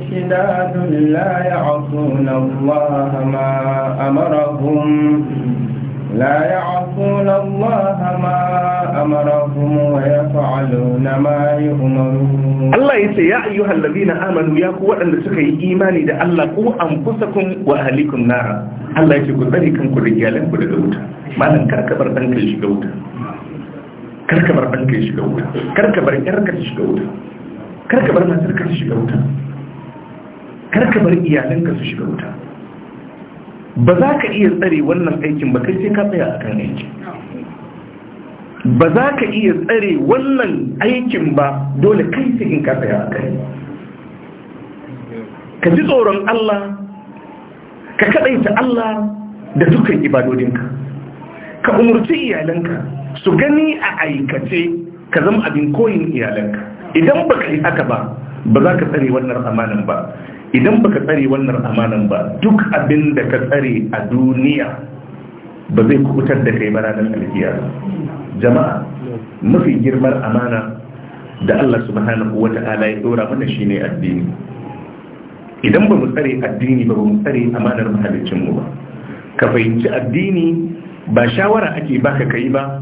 شداد لا يعصون الله ما أمرهم لا يعصون الله ما أمرهم ويفعلون ما يؤمرون الله يسي يا أيها الذين آمنوا يا قوة أن تسكي إيماني دا الله قوة أنفسكم وأهلكم نارا الله يسي قل بريكم كل رجالا كل دوتا ما لن كركبر أنك يشكوتا كركبر أنك يشكوتا كركبر إركا تشكوتا كركبر ما تركا تشكوتا كركبر إيالنك تشكوتا ba za ka iya tsare wannan aikin ba kai sai ka tsaya a kan aikin ba za ka iya tsare wannan aikin ba dole kai in ka tsaya kai ka ji tsoron Allah ka kaɗaita Allah da dukkan ibadodinka ka umarci iyalanka su gani a aikace ka zama abin koyin iyalanka idan ba ka yi haka ba ba za ka tsare wannan amanan ba idan ba ka tsare wannan amanan ba duk abin da ka tsare a duniya ba zai kubutar da kai ba ranar alkiyar jama'a mafi girmar amana da Allah subhanahu wa ta'ala ya dora mana shine addini idan ba mu tsare addini ba ba mu tsare amanar mahalicin mu ba ka fahimci addini ba shawara ake baka kai ba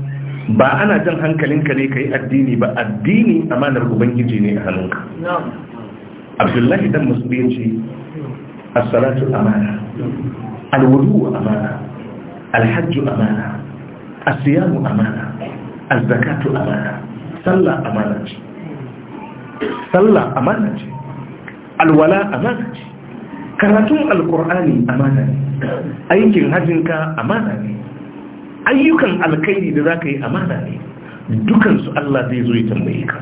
ba ana jan ka ne kai addini ba addini amanar ubangiji ne a hannunka abdullahi dan musulunci as-salatu amana al-wudu amana alhajju amana asiyamu amana azzakatu amana sallah amana ce sallah amana ce alwala amana ce karatun alkur'ani amana ne aikin hajjinka amana ne ayyukan alkairi da zaka yi amana ne dukansu Allah zai zo ya tambaye ka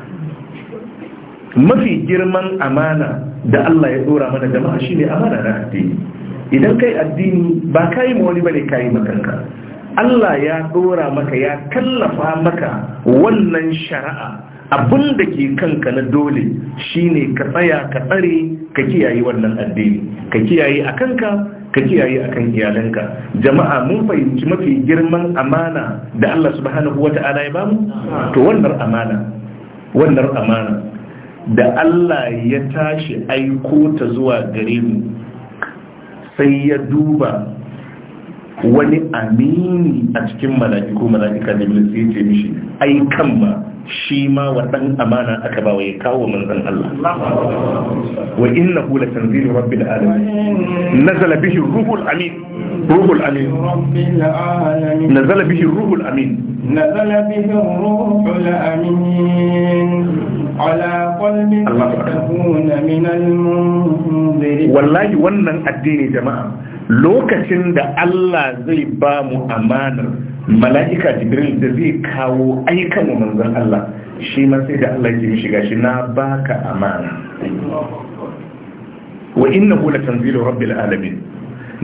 mafi girman amana da Allah ya dora mana jama'a shine amana na addini idan kai addini ba ka yi ma wani ne ka yi makanka Allah ya dora maka ya kallafa maka wannan shari'a abin da ke kanka na dole shine ka tsaya ka tsare ka kiyaye wannan addini ka kiyaye a kanka ka kiyaye a kan iyalanka jama'a mun fahimci mafi girman amana da Allah subhanahu ta'ala ya bamu to wannan amana wannan amana da Allah ya tashi aiko ta zuwa gare mu sai ya duba wani amini a cikin mala'iku mala'ika da iblis ya ce mishi ai kan ma shi ma wa dan amana aka ba ya kawo manzon Allah wa innahu la tanzilu rabbil alamin nazala bihi ruhul amin ruhul amin nazala bihi ruhul amin nazala bihi ruhul amin ala qalbika takuna min al-munzirin wallahi wannan addini jama'a lokacin da Allah zai ba mu amanar mala'ika jibril da zai kawo aikan manzon Allah shi ma sai da Allah ya shiga shi na baka amana wa innahu latanzilu rabbil alamin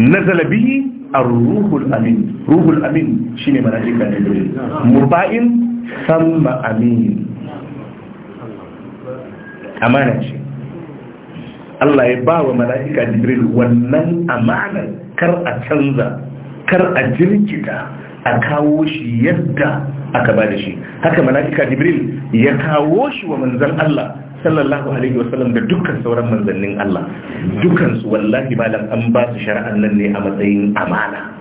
nazala bihi ar-ruhul amin ruhul amin shine mala'ika jibril murba'in samma amin amana ce Allah ya ba wa mala'ika jibril wannan amanar kar a canza kar a jirkita a kawo shi yadda aka ba da shi haka mala'ika jibril ya kawo shi wa manzan Allah sallallahu alaihi wasallam da dukkan sauran manzannin Allah dukansu wallahi malam an ba su shari'an nan ne a matsayin amana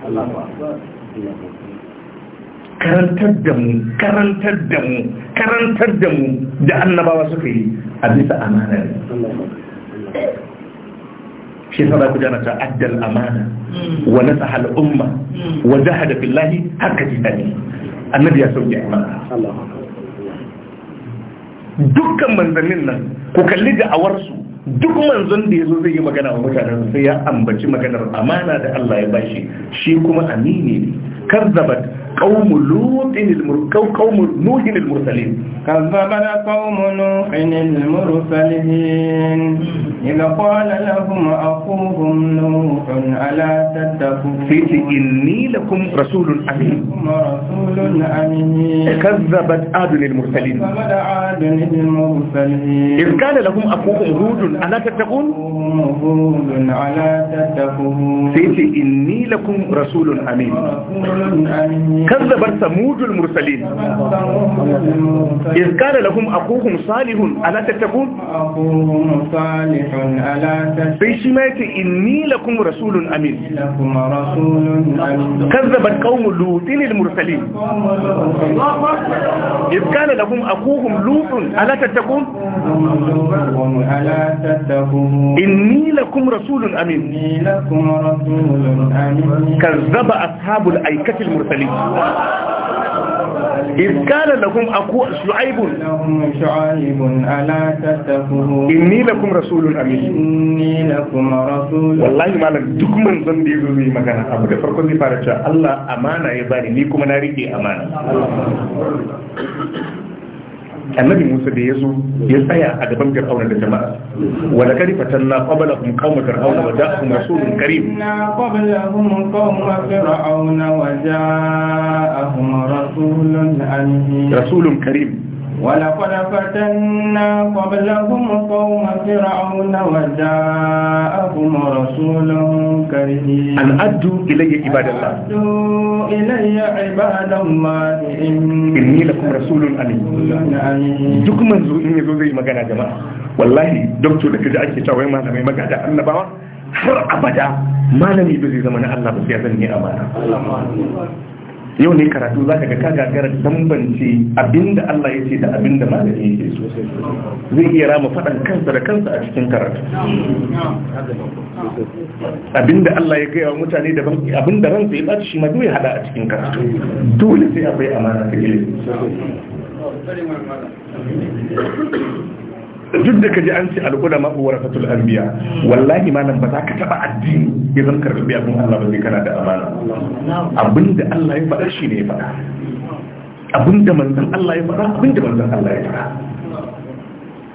karantar da mu karantar da mu karantar da mu da annabawa suka yi a bisa amana ne shi sa ku jana ta addal amana wa nasa hal umma wa jahada billahi haka jidani annabi ya sauke amana dukkan manzannin nan ku kalli da awarsu, duk manzon da ya zo zai yi magana wa mutanen sai ya ambaci maganar amana da Allah ya bashi shi kuma amini ne kazzabat قوم لوط قوم نوح المرسلين كذبنا قوم نوح المرسلين إذا قال لهم أخوهم نوح ألا تتقون إني لكم رسول أمين رسول أمين كذبت عاد المرسلين كذبت عاد المرسلين إذ قال لهم أخوهم هود ألا تتقون هود ألا تتقون إني لكم رسول أمين رسول أمين كذب ثمود المرسلين إذ قال لهم أخوهم صالح ألا تتقون أخوهم صالح ألا تتقون بيشمات إني لكم رسول أمين كذب قوم لوتين المرسلين إذ قال لهم أخوهم لوط ألا تتقون ألا تتقون إني لكم رسول أمين كذب أصحاب الأيكة المرسلين iskala lakum aku shu'aibun shu'aibun ala tattaqun inni lakum rasulun amin inni lakum rasulun wallahi malam duk manzon da yazo yi magana abu da farko zai fara cewa Allah amana ya bani ni kuma na rike amana annabi Musa da ya zo ya tsaya a gaban Fir'auna da jama'a wa la karifa tanna qabla hum qawm fir'auna wa ja'ahum rasulun karim na qabla hum qawm fir'auna wa ja'ahum rasulun amin rasulun karim ولقد فتنا قبلهم قوم فرعون وجاءهم رسول كريم أن أدوا إلي عباد الله أدوا إلي عباد الله إني لكم رسول أمين duk manzo in yazo zai magana jama'a wallahi doctor da kaji ake cewa malamai magada annabawa har abada malami ba zai zama na Allah ba sai zan yi amana yau ne karatu za ka ga ka gagara tambance abinda Allah ya ce da abinda malami yake so zai iya rama faɗan kansa da kansa a cikin karatu abinda Allah ya gaya wa mutane daban abinda ransa ya ɓaci shi ma dole hada a cikin karatu dole sai akwai amana ta ilimi duk da kaji an ce al'ulama uwar fatul anbiya wallahi malam ba za ka taba addini ya zan karbi abin Allah ba sai kana da amana abinda Allah ya faɗa shi ne ya faɗa abinda manzon Allah ya faɗa abinda manzon Allah ya faɗa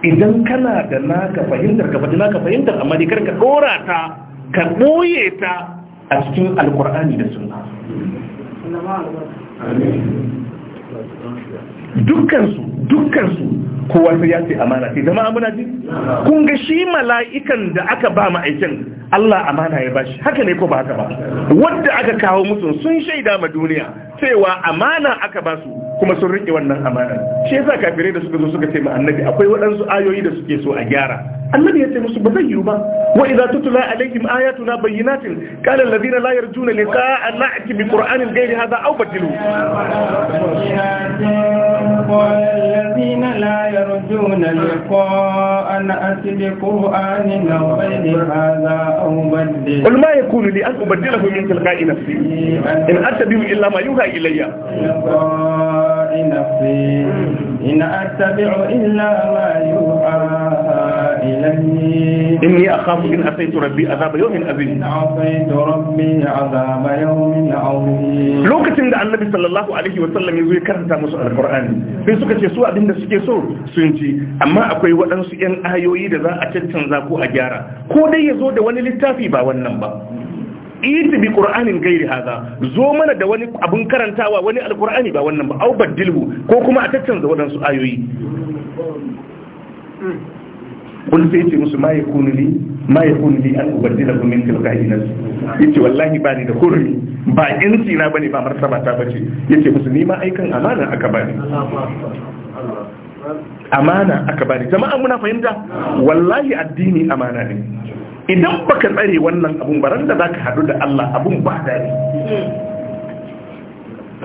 idan kana da naka fahimtar ka faɗi naka fahimtar amma dai kar ka dora ta ka boye ta a cikin alqur'ani da sunna dukkansu dukkansu kowa sai ya ce amana sai zama amana ji kun ga shi mala'ikan da aka ba ma'aikin Allah amana ya bashi haka ne ko ba haka ba wanda aka kawo musu sun shaida ma duniya cewa amana aka ba su kuma sun riƙe wannan amana shi yasa kafirai da suka zo suka ce ma annabi akwai waɗansu ayoyi da suke so a gyara annabi ya ce musu ba zai yiwu ba wa idza tutla alaihim ayatuna bayyinatin qala alladhina la yarjuna liqa'a na'ti bi qur'anin ghayri hadha aw badilu قل ما يكون لي أن أبدله من تلقاء نفسي إن أتبع إلا ما يوحى ilayya إن أتبع إلا ما يوحى إليه إني أخاف إن أتيت ربي عذاب يوم عظيم إن أتيت ربي عذاب يوم عظيم لوكتين da Annabi sallallahu alaihi wa sallam zo ya karanta musu alqur'ani sai suka ce su abinda suke so sun ci amma akwai waɗansu 'yan ayoyi da za a caccanza ko a gyara ko dai ya zo da wani littafi ba wannan ba iti bi qur'anin gairi haza zo mana da wani abun karantawa wani alqur'ani ba wannan ba au badilhu ko kuma a za waɗansu ayoyi kun sai ce musu ma yakunu li ma yakunu li an ubaddila min tilqa'i nafsi yace wallahi bani da hurri ba inci na bane ba martaba ta bace yace musu ni ma aikan amana aka bani amana aka bani jama'a muna fahimta wallahi addini amana ne idan baka tsare wannan abun baran da zaka hadu da Allah abun ba dare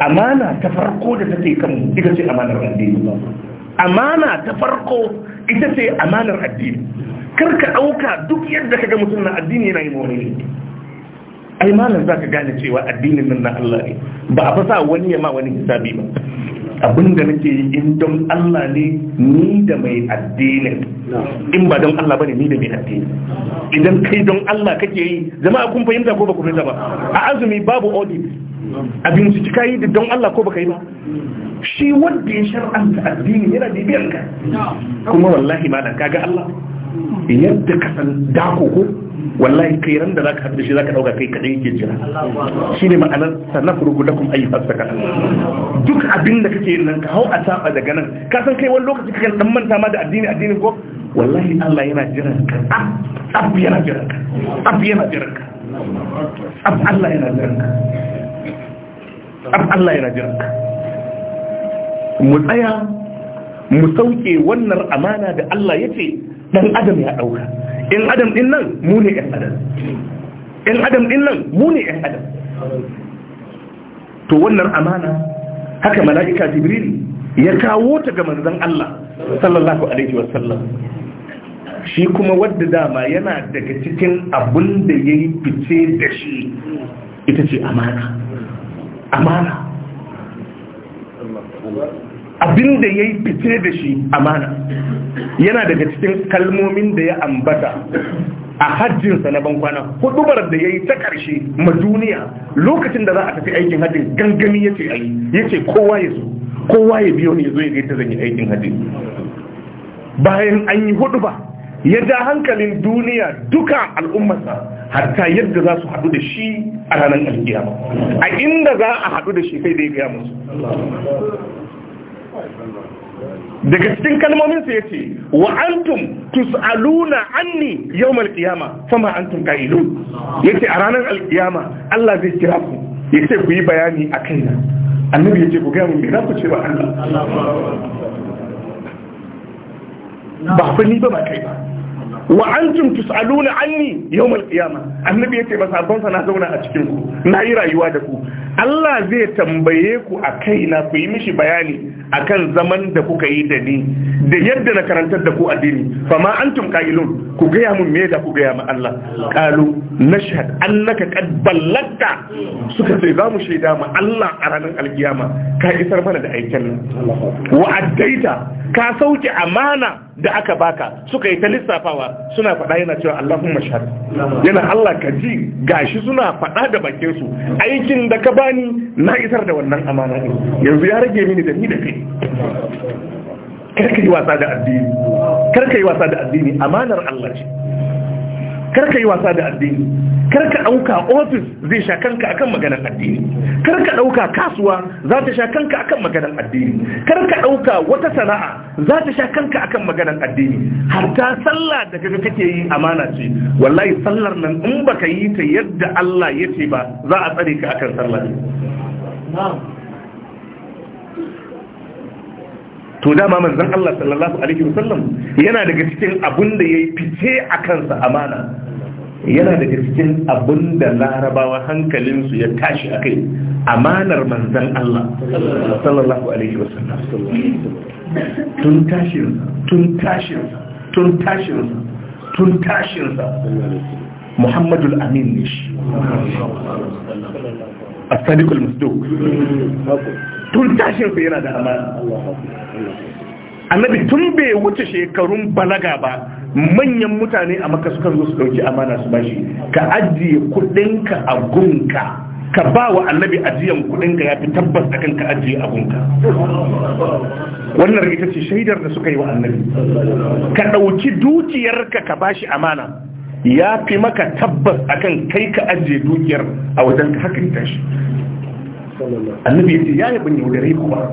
amana ta farko da take kan ita ce amanar addini amana ta farko ita ce amanar addini karka dauka duk yadda kaga mutum na addini yana yi mawani ai malam zaka gane cewa addinin nan na Allah ne ba a fasa wani ya ma wani hisabi ba abin da nake yi in don Allah ne ni da mai addinin in ba don Allah bane ni da mai addini idan kai don Allah kake yi jama'a kun fahimta ko ba ku fahimta ba a azumi babu audit a bincike yi da don Allah ko ba kai ba shi wanda ya shar'anta addini yana bibiyar ka kuma wallahi malam kaga Allah yadda ka san dako ko wallahi kai ran da zaka haɗu da shi zaka dauka kai kaɗai yake jira shine ma'anar sanafrugu ayi ayyuhas sakan duk abin da kake yin nan ka hau a saba daga nan ka san kai wani lokaci kake dan manta ma da addini addinin ko wallahi Allah yana jiran ka ab yana jiran ka ab yana jiran ka ab Allah yana jiran ka ab Allah yana jiran ka mu tsaya mu sauke wannan amana da Allah yace dan adam ya dauka in adam din nan mu ne yan adam in adam din nan mu ne yan adam to wannan amana haka mala'ika jibril ya kawo ta ga manzon Allah sallallahu alaihi sallam shi kuma wadda dama yana daga cikin abun da ya yi fice da shi ita ce amana amana abinda ya yi fice da shi amana yana daga cikin kalmomin da ya ambata a hajjinsa na bankwana hudubar da ya yi ta ƙarshe ma duniya lokacin da za a tafi aikin hajjin gangami ya ce ayi ya ce kowa ya zo kowa ya biyo ne ya zo ya gaita zan yi aikin hajji bayan an yi huduba ya ja hankalin duniya duka al'ummarsa hatta yadda za su haɗu da shi a ranar alƙiyama a inda za a haɗu da shi sai da ya gaya musu daga cikin kalmomin sa yace wa antum tusaluna anni yawmal qiyama fama antum qailun yace a ranar alkiyama Allah zai kira ku yace ku yi bayani a kaina annabi yace ku ga mun me ku ce wa Allah ba ku ni ba ba kai ba wa antum tus'aluna anni yawmal qiyama annabi yake ba sabon sa zauna a cikin ku na yi rayuwa da ku Allah zai tambaye ku a kai na ku yi mishi bayani akan zaman da kuka yi da ni da yadda na karantar da ku addini fa ma antum qailun ku ga mun me da ku ga mu Allah qalu nashhad annaka qad ballagta suka ce za mu shaida mu Allah a ranar alkiyama ka isar mana da aikin wa addaita ka sauke amana da aka baka suka yi ta lissafawa suna faɗa yana cewa Allahumma shahad yana Allah ka ji gashi suna faɗa da bakin su aikin da ka bani na isar da wannan amana yanzu ya rage mini da ni da kai karka yi wasa da addini karka yi wasa da addini amanar Allah ce karka yi wasa da addini karka ɗauka ofis zai sha kanka akan maganar addini karka ɗauka kasuwa za ta sha kanka akan maganar addini karka ɗauka wata sana'a za ta sha kanka akan maganar addini hatta sallah da kaga kake yi amana ce wallahi sallar nan in baka yi ta yadda Allah ya ce ba za a tsare ka akan sallah to dama manzon Allah sallallahu alaihi wasallam yana daga cikin abun da yayi fice a kansa amana yana daga cikin abun da larabawa hankalinsu ya tashi a kai amanar manzan Allah sallallahu alaihi wasallam tun tashinsa tun tashinsa tun tashinsa tun tashinsa muhammadul amin ne shi a sadiqul musduk tun su yana da amana annabi tun bai wuce shekarun balaga ba manyan mutane a maka suka zo su dauki amana su bashi ka ajiye kudinka a gunka ka ba wa annabi ajiyan kudinka ya fi tabbas da kanka ajiye a gunka wannan ita ce shaidar da suka yi wa annabi ka dauki dukiyarka ka bashi amana ya fi maka tabbas akan kai ka ajiye dukiyar a wajen haka tashi annabi yace ya yabin yaudare ku ba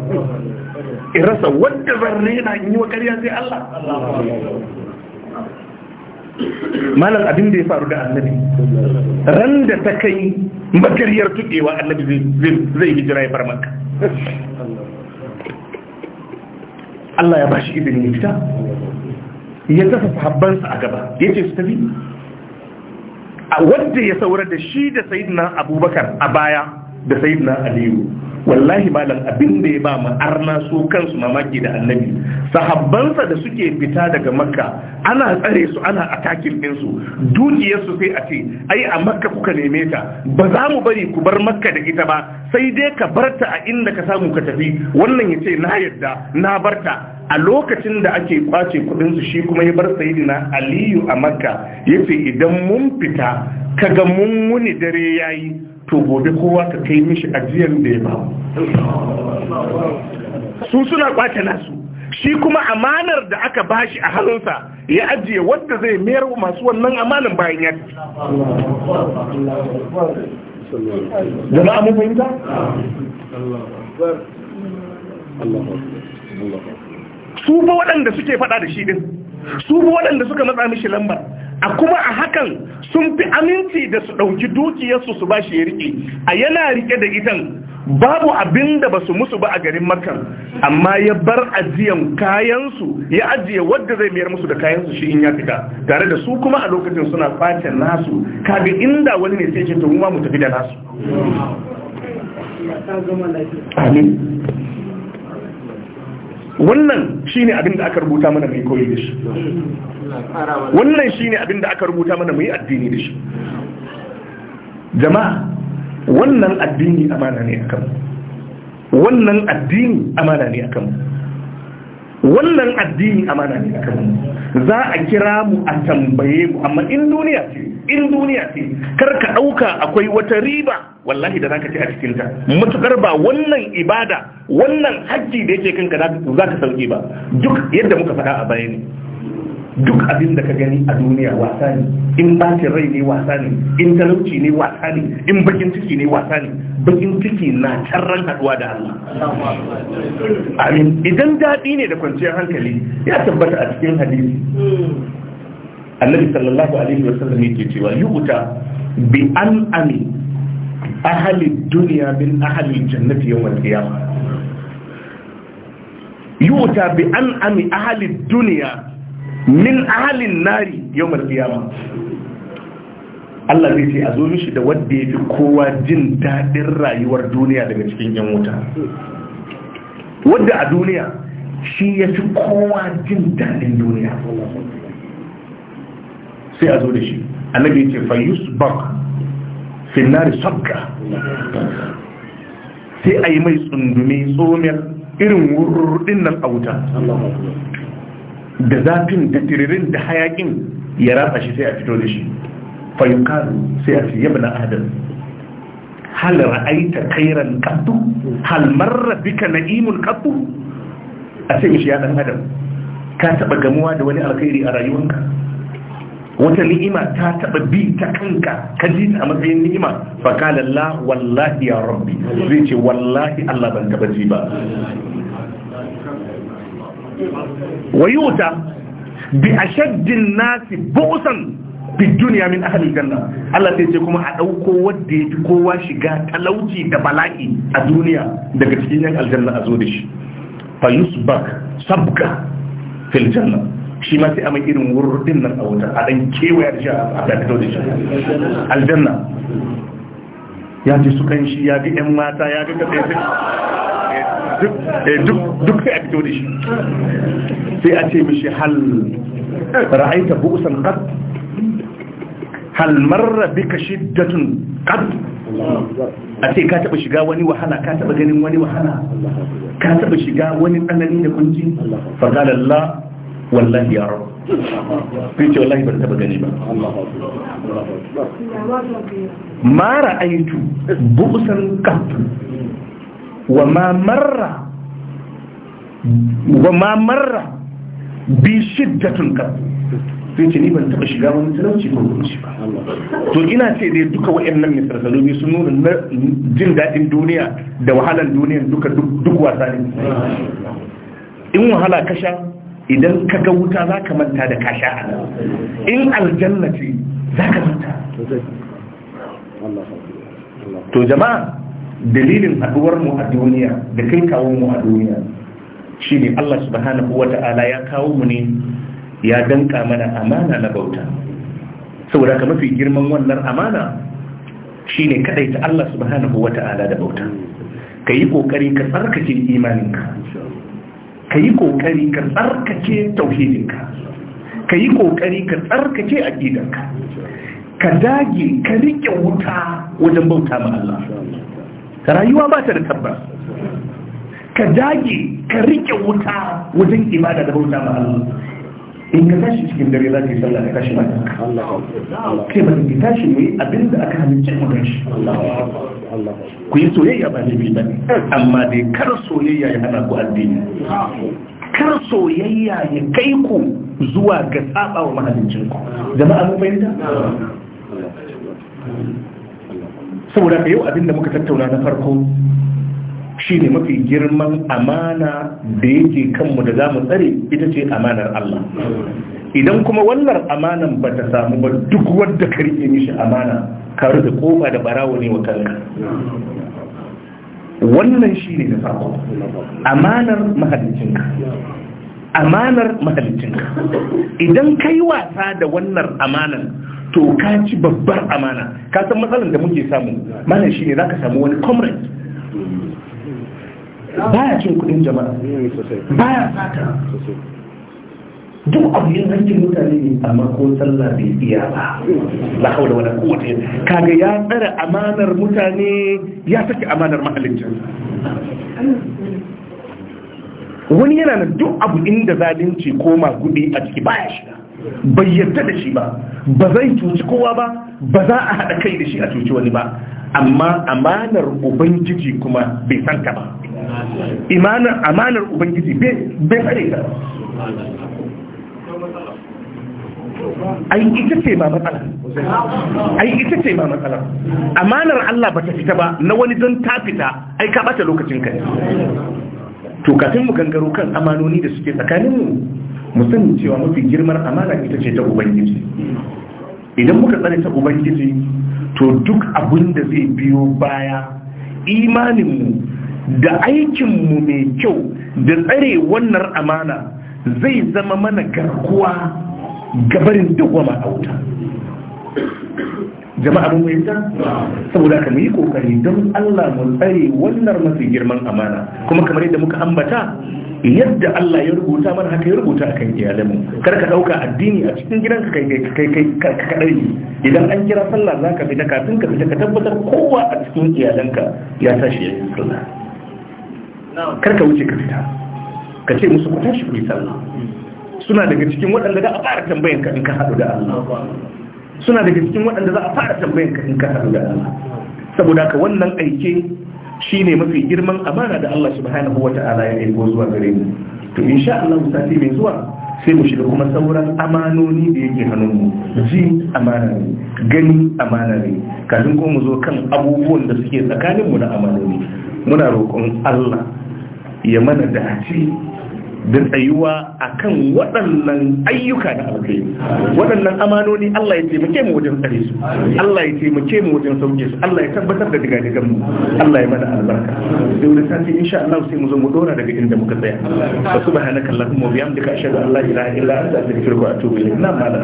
in rasa wanda zan rena in yi wa ƙarya sai Allah malam abin da ya faru da annabi ran da ta kai makaryar tuɗewa annabi zai hijira ya bar maka Allah ya ba shi ya fita ya tafa sahabbansa a gaba ya ce su tafi a wanda ya saura da shi da sayidina abubakar a baya da sayyidina aliyu wallahi malam abin da ya ba mu arna su kansu mamaki da annabi sahabbansa da suke fita daga makka ana tsare su ana atakin din su dukiyar su sai a ce ai a makka kuka neme ta ba za mu bari ku bar makka da ita ba sai dai ka barta a inda ka samu ka tafi wannan ya ce na yadda na barta a lokacin da ake kwace su shi kuma ya bar sayidina aliyu a makka ya ce idan mun fita kaga mun wuni dare yayi to gobe kowa ka kai mishi ajiyar da ya bawa su suna kwace nasu shi kuma amanar da aka bashi a hannunsa ya ajiye wadda zai mayar wa masu wannan amanin bayan ya jama'a mun fahimta? su ba waɗanda suke faɗa da shi din su ba waɗanda suka matsa mishi lambar a kuma a hakan sun fi aminci da su ɗauki dukiyarsu su ba shi ya riƙe a yana riƙe da itan babu abin da ba su musu ba a garin makar, amma ya bar ajiyan kayansu ya ajiye wadda zai mayar musu da kayansu shi in ya fita tare da su kuma a lokacin suna fatan nasu kaga inda wani ne sai ke to mu tafi da nasu amin wannan shine abin da aka rubuta mana mai koyi da shi wannan shine abin da aka rubuta mana mai addini da shi jama'a wannan addini amana ne a kanmu. wannan addini amana ne a kanmu. wannan addini amana ne a kanmu za a kira mu a tambaye mu amma in duniya ce in duniya ce kar ka ɗauka akwai wata riba wallahi da zaka ci a cikin ta. matukar ba wannan ibada wannan hajji da yake kanka za ka sauki ba duk yadda muka faɗa a baya ne duk abin da ka gani a duniya wasa ne in bacin rai ne wasa ne in talauci ne wasa ne in bakin ciki ne wasa ne bakin ciki na carran haduwa da Allah amin idan daɗi ne da kwanciyar hankali ya tabbata a cikin hadisi annabi sallallahu alaihi wa wasallam yake cewa yu'ta bi an ami ahli dunya bin ahli jannati yawm al-qiyamah yu'ta bi an an'ami ahli dunya min ahalin nari yau kiyama Allah zai ce a zo mishi da wadda ya fi kowa jin daɗin rayuwar duniya daga cikin yan wuta wadda a duniya shi ya fi kowa jin daɗin duniya sai a zo da shi annabi ce fayus bak finnari sabga sai a yi mai tsundumi tsomiyar irin wurin nan a wuta da zafin da tiririn da hayakin ya ratsa shi sai a fito da shi fayukaru sai a fiye bana adam hal ra'aita kairan kaddu hal marra bika na'imun kaddu a sai mishi ya dan adam ka taɓa gamuwa da wani alkhairi a rayuwanka wata ni'ima ta taɓa bi ta kanka ka ji ta a matsayin ni'ima fa kala la wallahi ya rabbi zai ce wallahi Allah ban taɓa ji ba ويؤتى bi الناس nasi bu'san الدنيا من أهل الجنة janna Allah sai kuma a dauko wanda yafi kowa shiga talauci da bala'i a duniya daga cikin aljanna a zo shi ma sai a irin wurin nan a wuta a dan kewaya shi a fito da shi aljanna ya ji su kan shi ya ga yan mata ya ga kasai إيه، دك في أكتوريش في أتي مشي حل رأيت بؤسا قد هل مر بك شدة قد أتي كاتب شقا واني وحنا كاتب جنم واني وحنا كاتب شقا واني أنني كنتي فقال الله والله يا رب قلت والله برتب جنم ما رأيت بؤسا قط wa ma marra bi shiddatun ka sai ce ni ban taba shiga wani talauci ko kunci ba to ina ce dai duka wayannan misalsalu ne sun nuna jin daɗin duniya da wahalan duniyan duka duk wasa ne in wahala ka sha idan ka ga wuta za ka manta da ka sha in aljanna ce za ka manta to jama'a dalilin haduwar mu a duniya da kai kawo mu a duniya shine Allah subhanahu ta'ala ya kawo mu ne ya danka mana amana na bauta saboda ka mafi girman wannan amana shine ta Allah subhanahu ta'ala da bauta ka yi kokari ka tsarkake imaninka ka yi kokari ka tsarkake tauhidinka ka yi kokari ka tsarkake aqidanka ka dage ka rike wuta wajen bauta ma Allah rayuwa ba ta da tabbas ka dage ka rike wuta wajen ibada da bauta ba Allah in ka tashi cikin dare za ka yi sallah ka tashi ba kai ba ka tashi ne abin da aka cikin mu shi ku yi soyayya ba ne ba amma dai kar soyayya ya hana ku addini kar soyayya ya kai ku zuwa ga tsaba wa mahalincin ku jama'a mun fahimta saboda ka yau abinda muka tattauna na farko shi ne mafi girman amana da yake kanmu da zamu tsare ita ce amanar Allah idan kuma wannan amanan ba ta samu ba duk wadda ka rike mishi amana ka rufe kofa da barawo ne wa kanka wannan shi ne na farko amanar amanar mahalicinka idan ka yi wasa da wannan amanar to ka ci babbar amana ka san matsalar da muke samu malam shi ne za ka samu wani comrade baya cin kudin jama'a baya fata duk abu yin hankin mutane ne amma ko sallah bai iya ba la haula wala quwwata kaga ya tsara amanar mutane ya saki amanar mahalicinsa wani yana nan duk abu inda zalunci ko maguɗi a ciki baya shiga bai yarda da shi ba ba zai cuci kowa ba ba za a haɗa kai da shi a cuci wani ba amma amanar ubangiji kuma bai san ta ba Imanar amanar ubangiji bai tsare ta ba ai ita ce ma matsala ai ita ce ma matsala amanar Allah ba ta fita ba na wani don ta fita ai ka bata lokacin ka to kafin mu gangaro kan amanoni da suke tsakanin mu san cewa mafi girmar amana ita ce ta ubangiji idan muka tsare ta ubangiji to duk abin da zai biyo baya imanin mu da aikin mu mai kyau da tsare wannan amana zai zama mana garkuwa gabarin dawwama a wuta jama'a mun fahimta saboda ka mu yi kokari don Allah mu tsare wannan mafi girman amana kuma kamar yadda muka ambata yadda Allah ya rubuta mana haka ya rubuta akan iyalanmu kar ka dauka addini a cikin gidanka kai kai kai kadai idan an kira sallah zaka fita kafin ka fita ka tabbatar kowa a cikin iyalanka ya tashi ya yi sallah kar ka wuce ka fita ka ce musu ku tashi ku yi sallah suna daga cikin waɗanda da a ƙara tambayanka in ka haɗu da Allah suna daga cikin waɗanda za a fara tambayan ka in ka da Allah saboda ka wannan aike shine mafi girman amana da Allah subhanahu Ta'ala ya aiko zuwa gare mu to in sha Allah sati mai zuwa sai mu shiga kuma sauran amanoni da yake mu ji amana ne gani amana ne kafin ko mu zo kan abubuwan da suke tsakaninmu na amanoni muna roƙon Allah ya mana dace da tsayuwa akan waɗannan ayyuka na alkhairi waɗannan amanoni Allah ya taimake mu wajen tsare su Allah ya taimake mu wajen sauke su Allah ya tabbatar da digadigan mu Allah ya mana albarka da wani sati insha Allah sai mu zo mu dora daga inda muka tsaya wa subhanaka allahumma wa bihamdika ashhadu an la ilaha illa anta astaghfiruka wa atubu ilayk na malam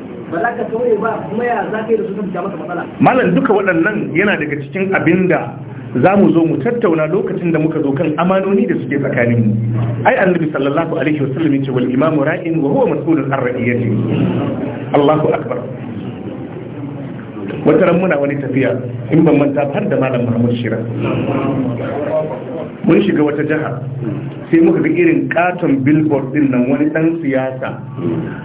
ba za ka sauye ba kuma ya za ka yi da su maka matsala malam duka waɗannan yana daga cikin abin da za mu zo mu tattauna lokacin da muka zo kan amanoni da suke tsakaninmu ai annabi sallallahu alaihi wasallam ce wal imamu ra'in wa huwa mas'ulun an ra'iyati Allahu akbar wata ran muna wani tafiya in ban manta har da malam Muhammad Shira mun shiga wata jiha sai muka ga irin katon billboard din nan wani dan siyasa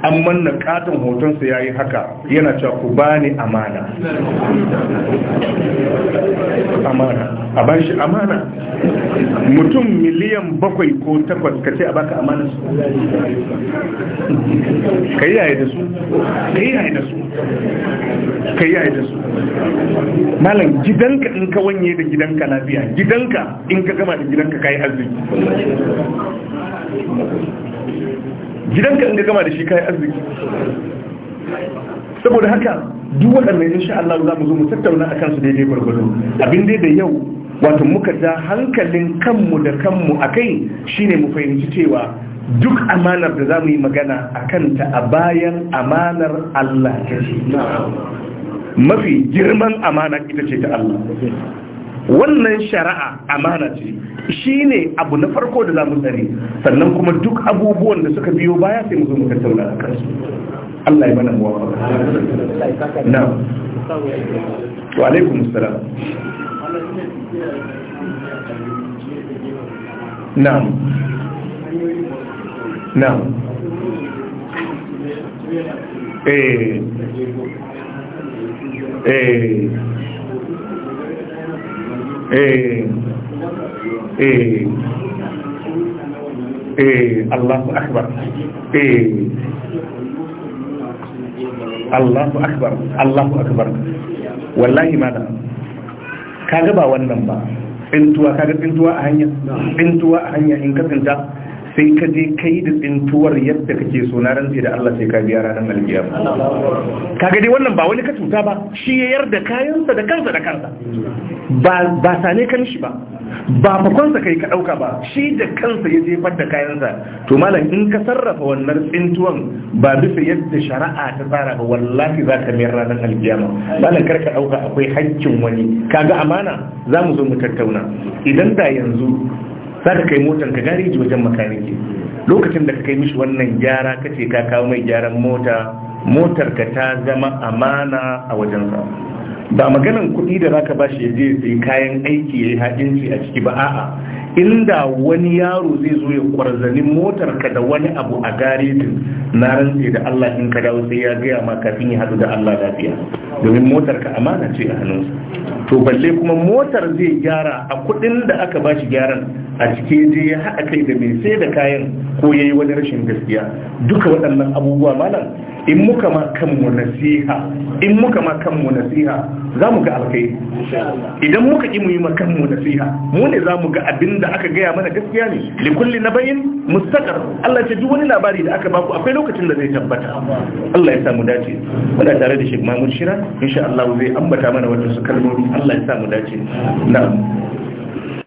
an manna katon hoton sa yayi haka yana cewa ku bani amana amana a ban shi amana mutum miliyan bakwai ko takwas ka ce a baka amana su ka yi yaye da su ka yi yaye da su ka yi da su malam gidanka in ka wanye da gidanka lafiya gidanka in ka gama da gidanka kayi arziki gidanka in ka gama da shi kayi arziki saboda haka duk waɗannan insha Allah za mu zo mu tattauna a kansu daidai gwargwado abin dai da yau wato muka da hankalin kanmu da kanmu a shi shine mu fahimci cewa duk amanar da za mu yi magana a kanta a bayan amanar Allah ta mafi girman amana ita ce ta Allah wannan shari'a amana ce shi ne abu na farko da za mu sannan kuma duk abubuwan da suka biyo baya sai mu zo mu a kansu Allah ya mana na wa alaikum salam na'am na'am eh eh eh eh eh Allahu akbar eh Allahu akbar Allahu akbar wallahi mana kaga ba wannan ba tsintuwa kaga tsintuwa a hanya tsintuwa a hanya in ka tsinta sai ka je kai da tsintuwar yadda kake so na rantsi da Allah sai ka biya ranar alkiyama kaga dai wannan ba wani ka cuta ba shi ya yarda kayansa da kansa da kansa ba ba sane kan shi ba ba fakonsa kai ka ɗauka ba shi da kansa ya jefar da kayansa to malam in ka sarrafa wannan tsintuwan ba bisa yadda shari'a ta tsara ba wallahi za ka mayar ranar alkiyama malam kar ka ɗauka akwai haƙƙin wani kaga amana za mu zo mu tattauna idan da yanzu za ka kai motar ka gareji wajen makaniki lokacin da ka kai mishi wannan gyara ka ce ka kawo mai gyaran mota motar ka ta zama amana a wajen sa ba maganan kuɗi da zaka ba shi je sai kayan aiki ya yayi hajjinci a ciki ba a'a inda wani yaro zai zo ya kwarzani motar ka da wani abu a garejin na rantse da Allah in ka dawo sai ya gaya ma kafin ya haɗu da Allah lafiya domin motar ka amana ce a hannunsa to balle kuma motar zai gyara a kuɗin da aka ba shi gyaran a cike je ya haɗa kai da mai sai da kayan ko yayi wani rashin gaskiya duka waɗannan abubuwa malam in muka ma kanmu nasiha in muka ma kanmu nasiha za mu ga alkhairi idan muka ki mu yi makan mu nasiha mu ne za mu ga abin da aka gaya mana gaskiya ne li kulli nabayin mustaqar Allah ya duk wani labari da aka baku akwai lokacin da zai tabbata Allah ya samu dace muna tare da Sheikh Mahmud Shira insha Allah zai ambata mana su kalmomi Allah ya samu dace na'am